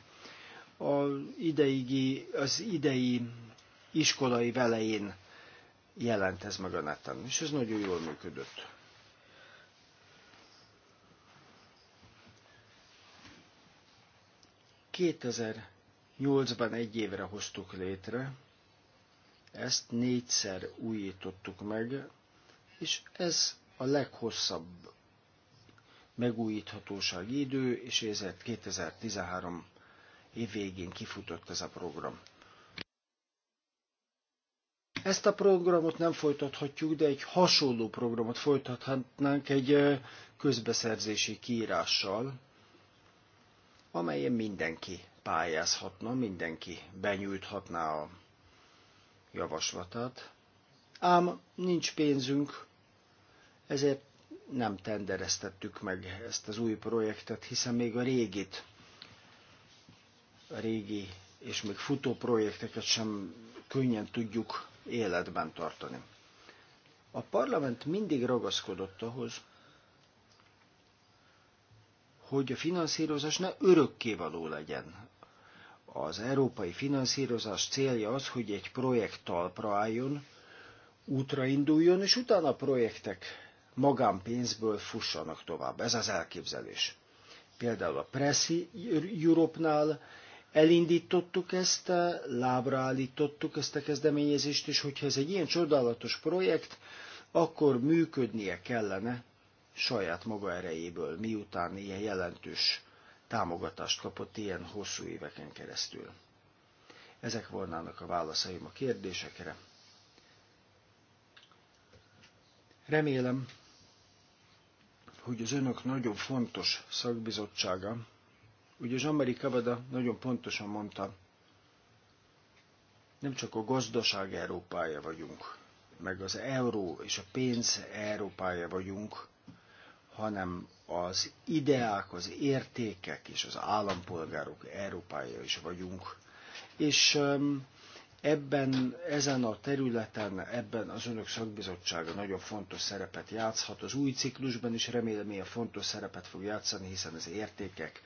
A ideigi, az idei iskolai velején jelent ez meg a neten, és ez nagyon jól működött. 2008-ban egy évre hoztuk létre, ezt négyszer újítottuk meg, és ez a leghosszabb megújíthatósági idő, és ezért 2013 év végén kifutott ez a program. Ezt a programot nem folytathatjuk, de egy hasonló programot folytathatnánk egy közbeszerzési kiírással, amelyen mindenki pályázhatna, mindenki benyújthatná a javaslatát. Ám nincs pénzünk, ezért nem tendereztettük meg ezt az új projektet, hiszen még a régit, a régi és még futó projekteket sem könnyen tudjuk életben tartani. A parlament mindig ragaszkodott ahhoz, hogy a finanszírozás ne örökkévaló legyen. Az európai finanszírozás célja az, hogy egy projekt talpra álljon, útra induljon, és utána a projektek magánpénzből fussanak tovább. Ez az elképzelés. Például a Pressi Europe-nál Elindítottuk ezt, lábra állítottuk ezt a kezdeményezést, és hogyha ez egy ilyen csodálatos projekt, akkor működnie kellene saját maga erejéből, miután ilyen jelentős támogatást kapott ilyen hosszú éveken keresztül. Ezek volnának a válaszaim a kérdésekre. Remélem, hogy az önök nagyon fontos szakbizottsága Ugye Zsambari Kabada nagyon pontosan mondta, nem csak a gazdaság Európája vagyunk, meg az euró és a pénz Európája vagyunk, hanem az ideák, az értékek és az állampolgárok Európája is vagyunk. És ebben, ezen a területen, ebben az önök szakbizottsága nagyon fontos szerepet játszhat. Az új ciklusban is remélem, hogy a fontos szerepet fog játszani, hiszen az értékek,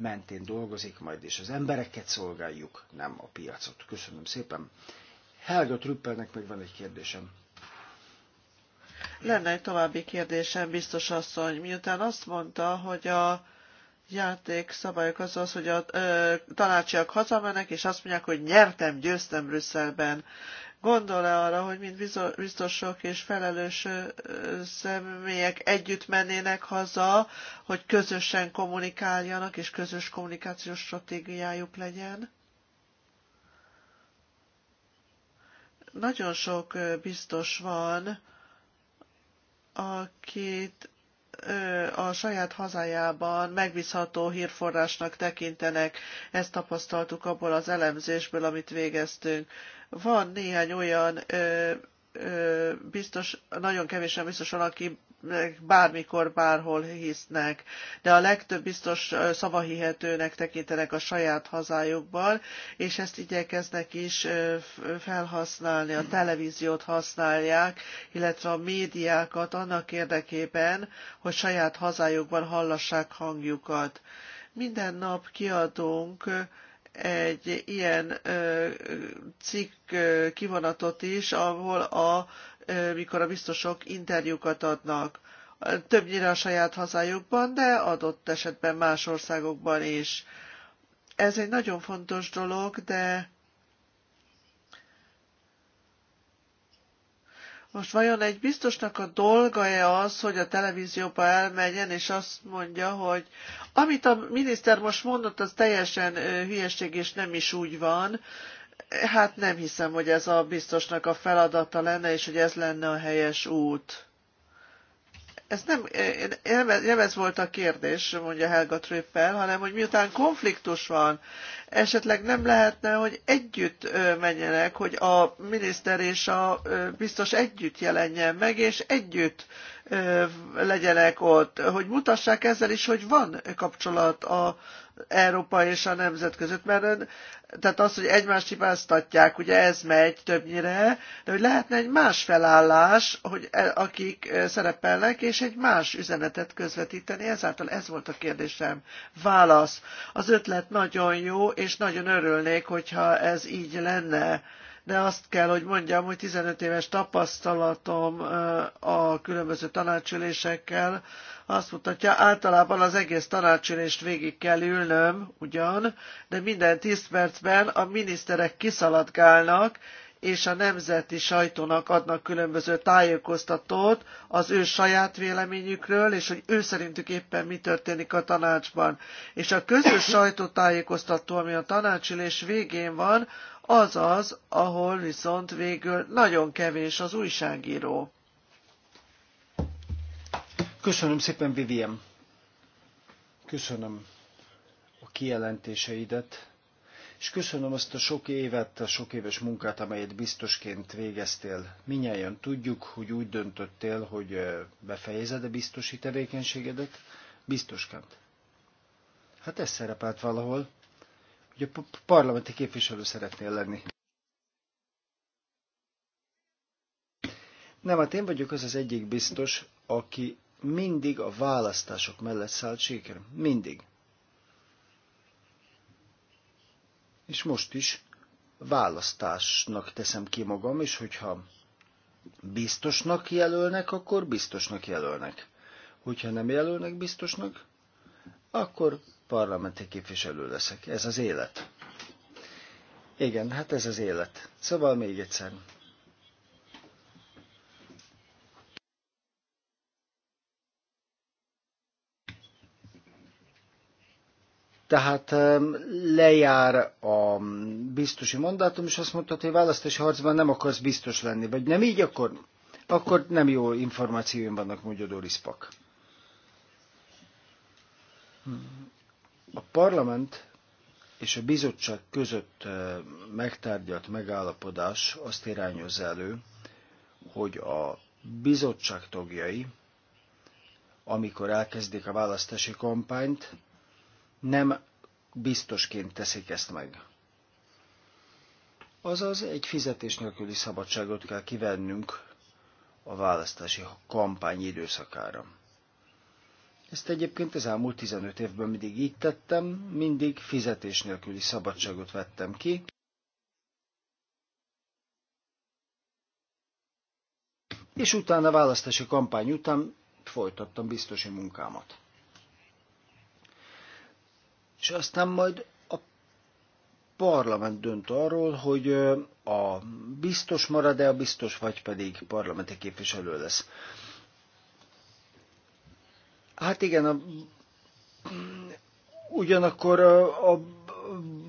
mentén dolgozik majd, és az embereket szolgáljuk, nem a piacot. Köszönöm szépen. Helga Trüppelnek még van egy kérdésem. Lenne egy további kérdésem, biztos asszony. Miután azt mondta, hogy a játékszabályok az az, hogy a ö, tanácsiak hazamennek, és azt mondják, hogy nyertem, győztem Brüsszelben. Gondol-e arra, hogy mind biztosok és felelős személyek együtt mennének haza, hogy közösen kommunikáljanak, és közös kommunikációs stratégiájuk legyen? Nagyon sok biztos van, akit a saját hazájában megbízható hírforrásnak tekintenek. Ezt tapasztaltuk abból az elemzésből, amit végeztünk. Van néhány olyan biztos, nagyon kevésen biztos van, aki bármikor, bárhol hisznek, de a legtöbb biztos szavahihetőnek tekintenek a saját hazájukban, és ezt igyekeznek is felhasználni, a televíziót használják, illetve a médiákat annak érdekében, hogy saját hazájukban hallassák hangjukat. Minden nap kiadunk egy ilyen cikk kivonatot is, ahol a mikor a biztosok interjúkat adnak, többnyire a saját hazájukban, de adott esetben más országokban is. Ez egy nagyon fontos dolog, de Most vajon egy biztosnak a dolga-e az, hogy a televízióba elmenjen, és azt mondja, hogy amit a miniszter most mondott, az teljesen hülyeség, és nem is úgy van, hát nem hiszem, hogy ez a biztosnak a feladata lenne, és hogy ez lenne a helyes út. Ez nem, nem ez volt a kérdés, mondja Helga Trüppel, hanem hogy miután konfliktus van, esetleg nem lehetne, hogy együtt menjenek, hogy a miniszter és a biztos együtt jelenjen meg, és együtt legyenek ott, hogy mutassák ezzel is, hogy van kapcsolat a Európa és a nemzet között, mert ön, tehát az, hogy egymást hibáztatják, ugye ez megy többnyire, de hogy lehetne egy más felállás, hogy e, akik szerepelnek, és egy más üzenetet közvetíteni, ezáltal ez volt a kérdésem. Válasz. Az ötlet nagyon jó, és nagyon örülnék, hogyha ez így lenne de azt kell, hogy mondjam, hogy 15 éves tapasztalatom a különböző tanácsülésekkel azt mutatja, általában az egész tanácsülést végig kell ülnöm, ugyan, de minden 10 percben a miniszterek kiszaladgálnak, és a nemzeti sajtónak adnak különböző tájékoztatót az ő saját véleményükről, és hogy ő szerintük éppen mi történik a tanácsban. És a közös sajtótájékoztató, ami a tanácsülés végén van, az az, ahol viszont végül nagyon kevés az újságíró. Köszönöm szépen, Vivien. Köszönöm a kijelentéseidet, és köszönöm azt a sok évet, a sok éves munkát, amelyet biztosként végeztél. Minnyáján tudjuk, hogy úgy döntöttél, hogy eh, befejezed a biztosi tevékenységedet biztosként. Hát ez szerepelt valahol hogy a parlamenti képviselő szeretnél lenni. Nem, hát én vagyok az az egyik biztos, aki mindig a választások mellett szállt síkra. Mindig. És most is választásnak teszem ki magam, és hogyha biztosnak jelölnek, akkor biztosnak jelölnek. Hogyha nem jelölnek biztosnak, akkor parlamenti képviselő leszek. Ez az élet. Igen, hát ez az élet. Szóval még egyszer. Tehát lejár a biztosi mandátum, és azt mondta, hogy választási harcban nem akarsz biztos lenni, vagy nem így, akkor, akkor nem jó információim vannak, mondja Doris Pak. A parlament és a bizottság között megtárgyalt megállapodás azt irányozza elő, hogy a bizottság tagjai, amikor elkezdik a választási kampányt, nem biztosként teszik ezt meg. Azaz egy fizetés nélküli szabadságot kell kivennünk a választási kampány időszakára. Ezt egyébként az elmúlt 15 évben mindig így tettem, mindig fizetés nélküli szabadságot vettem ki. És utána a választási kampány után folytattam biztosi munkámat. És aztán majd a parlament dönt arról, hogy a biztos marad-e a biztos, vagy pedig parlamenti képviselő lesz. Hát igen, a, ugyanakkor a, a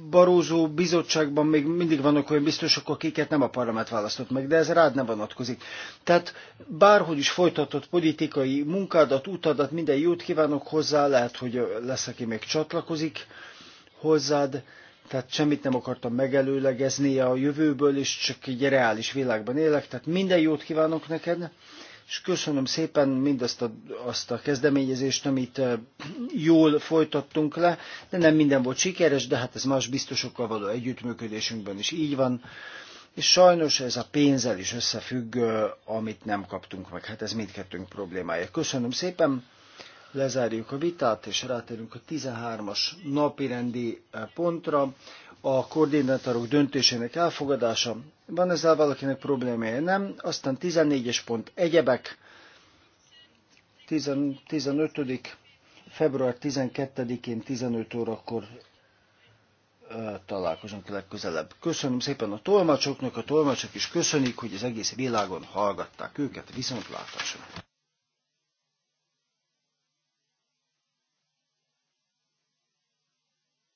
Barózó bizottságban még mindig vannak olyan biztosok, akiket nem a parlament választott meg, de ez rád nem vonatkozik. Tehát bárhogy is folytatott politikai munkádat, utadat, minden jót kívánok hozzá, lehet, hogy lesz, aki még csatlakozik hozzád, tehát semmit nem akartam megelőlegezni a jövőből, és csak egy reális világban élek, tehát minden jót kívánok neked, és köszönöm szépen mindazt a, azt a kezdeményezést, amit jól folytattunk le, de nem minden volt sikeres, de hát ez más biztosokkal való együttműködésünkben is így van, és sajnos ez a pénzzel is összefügg, amit nem kaptunk meg. Hát ez mindkettőnk problémája. Köszönöm szépen, lezárjuk a vitát, és rátérünk a 13-as napirendi pontra, a koordinátorok döntésének elfogadása, van ezzel valakinek problémája? Nem. Aztán 14-es pont egyebek. 15. február 12-én 15 órakor találkozunk legközelebb. Köszönöm szépen a tolmácsoknak, a tolmácsok is köszönik, hogy az egész világon hallgatták őket, viszontlátásra!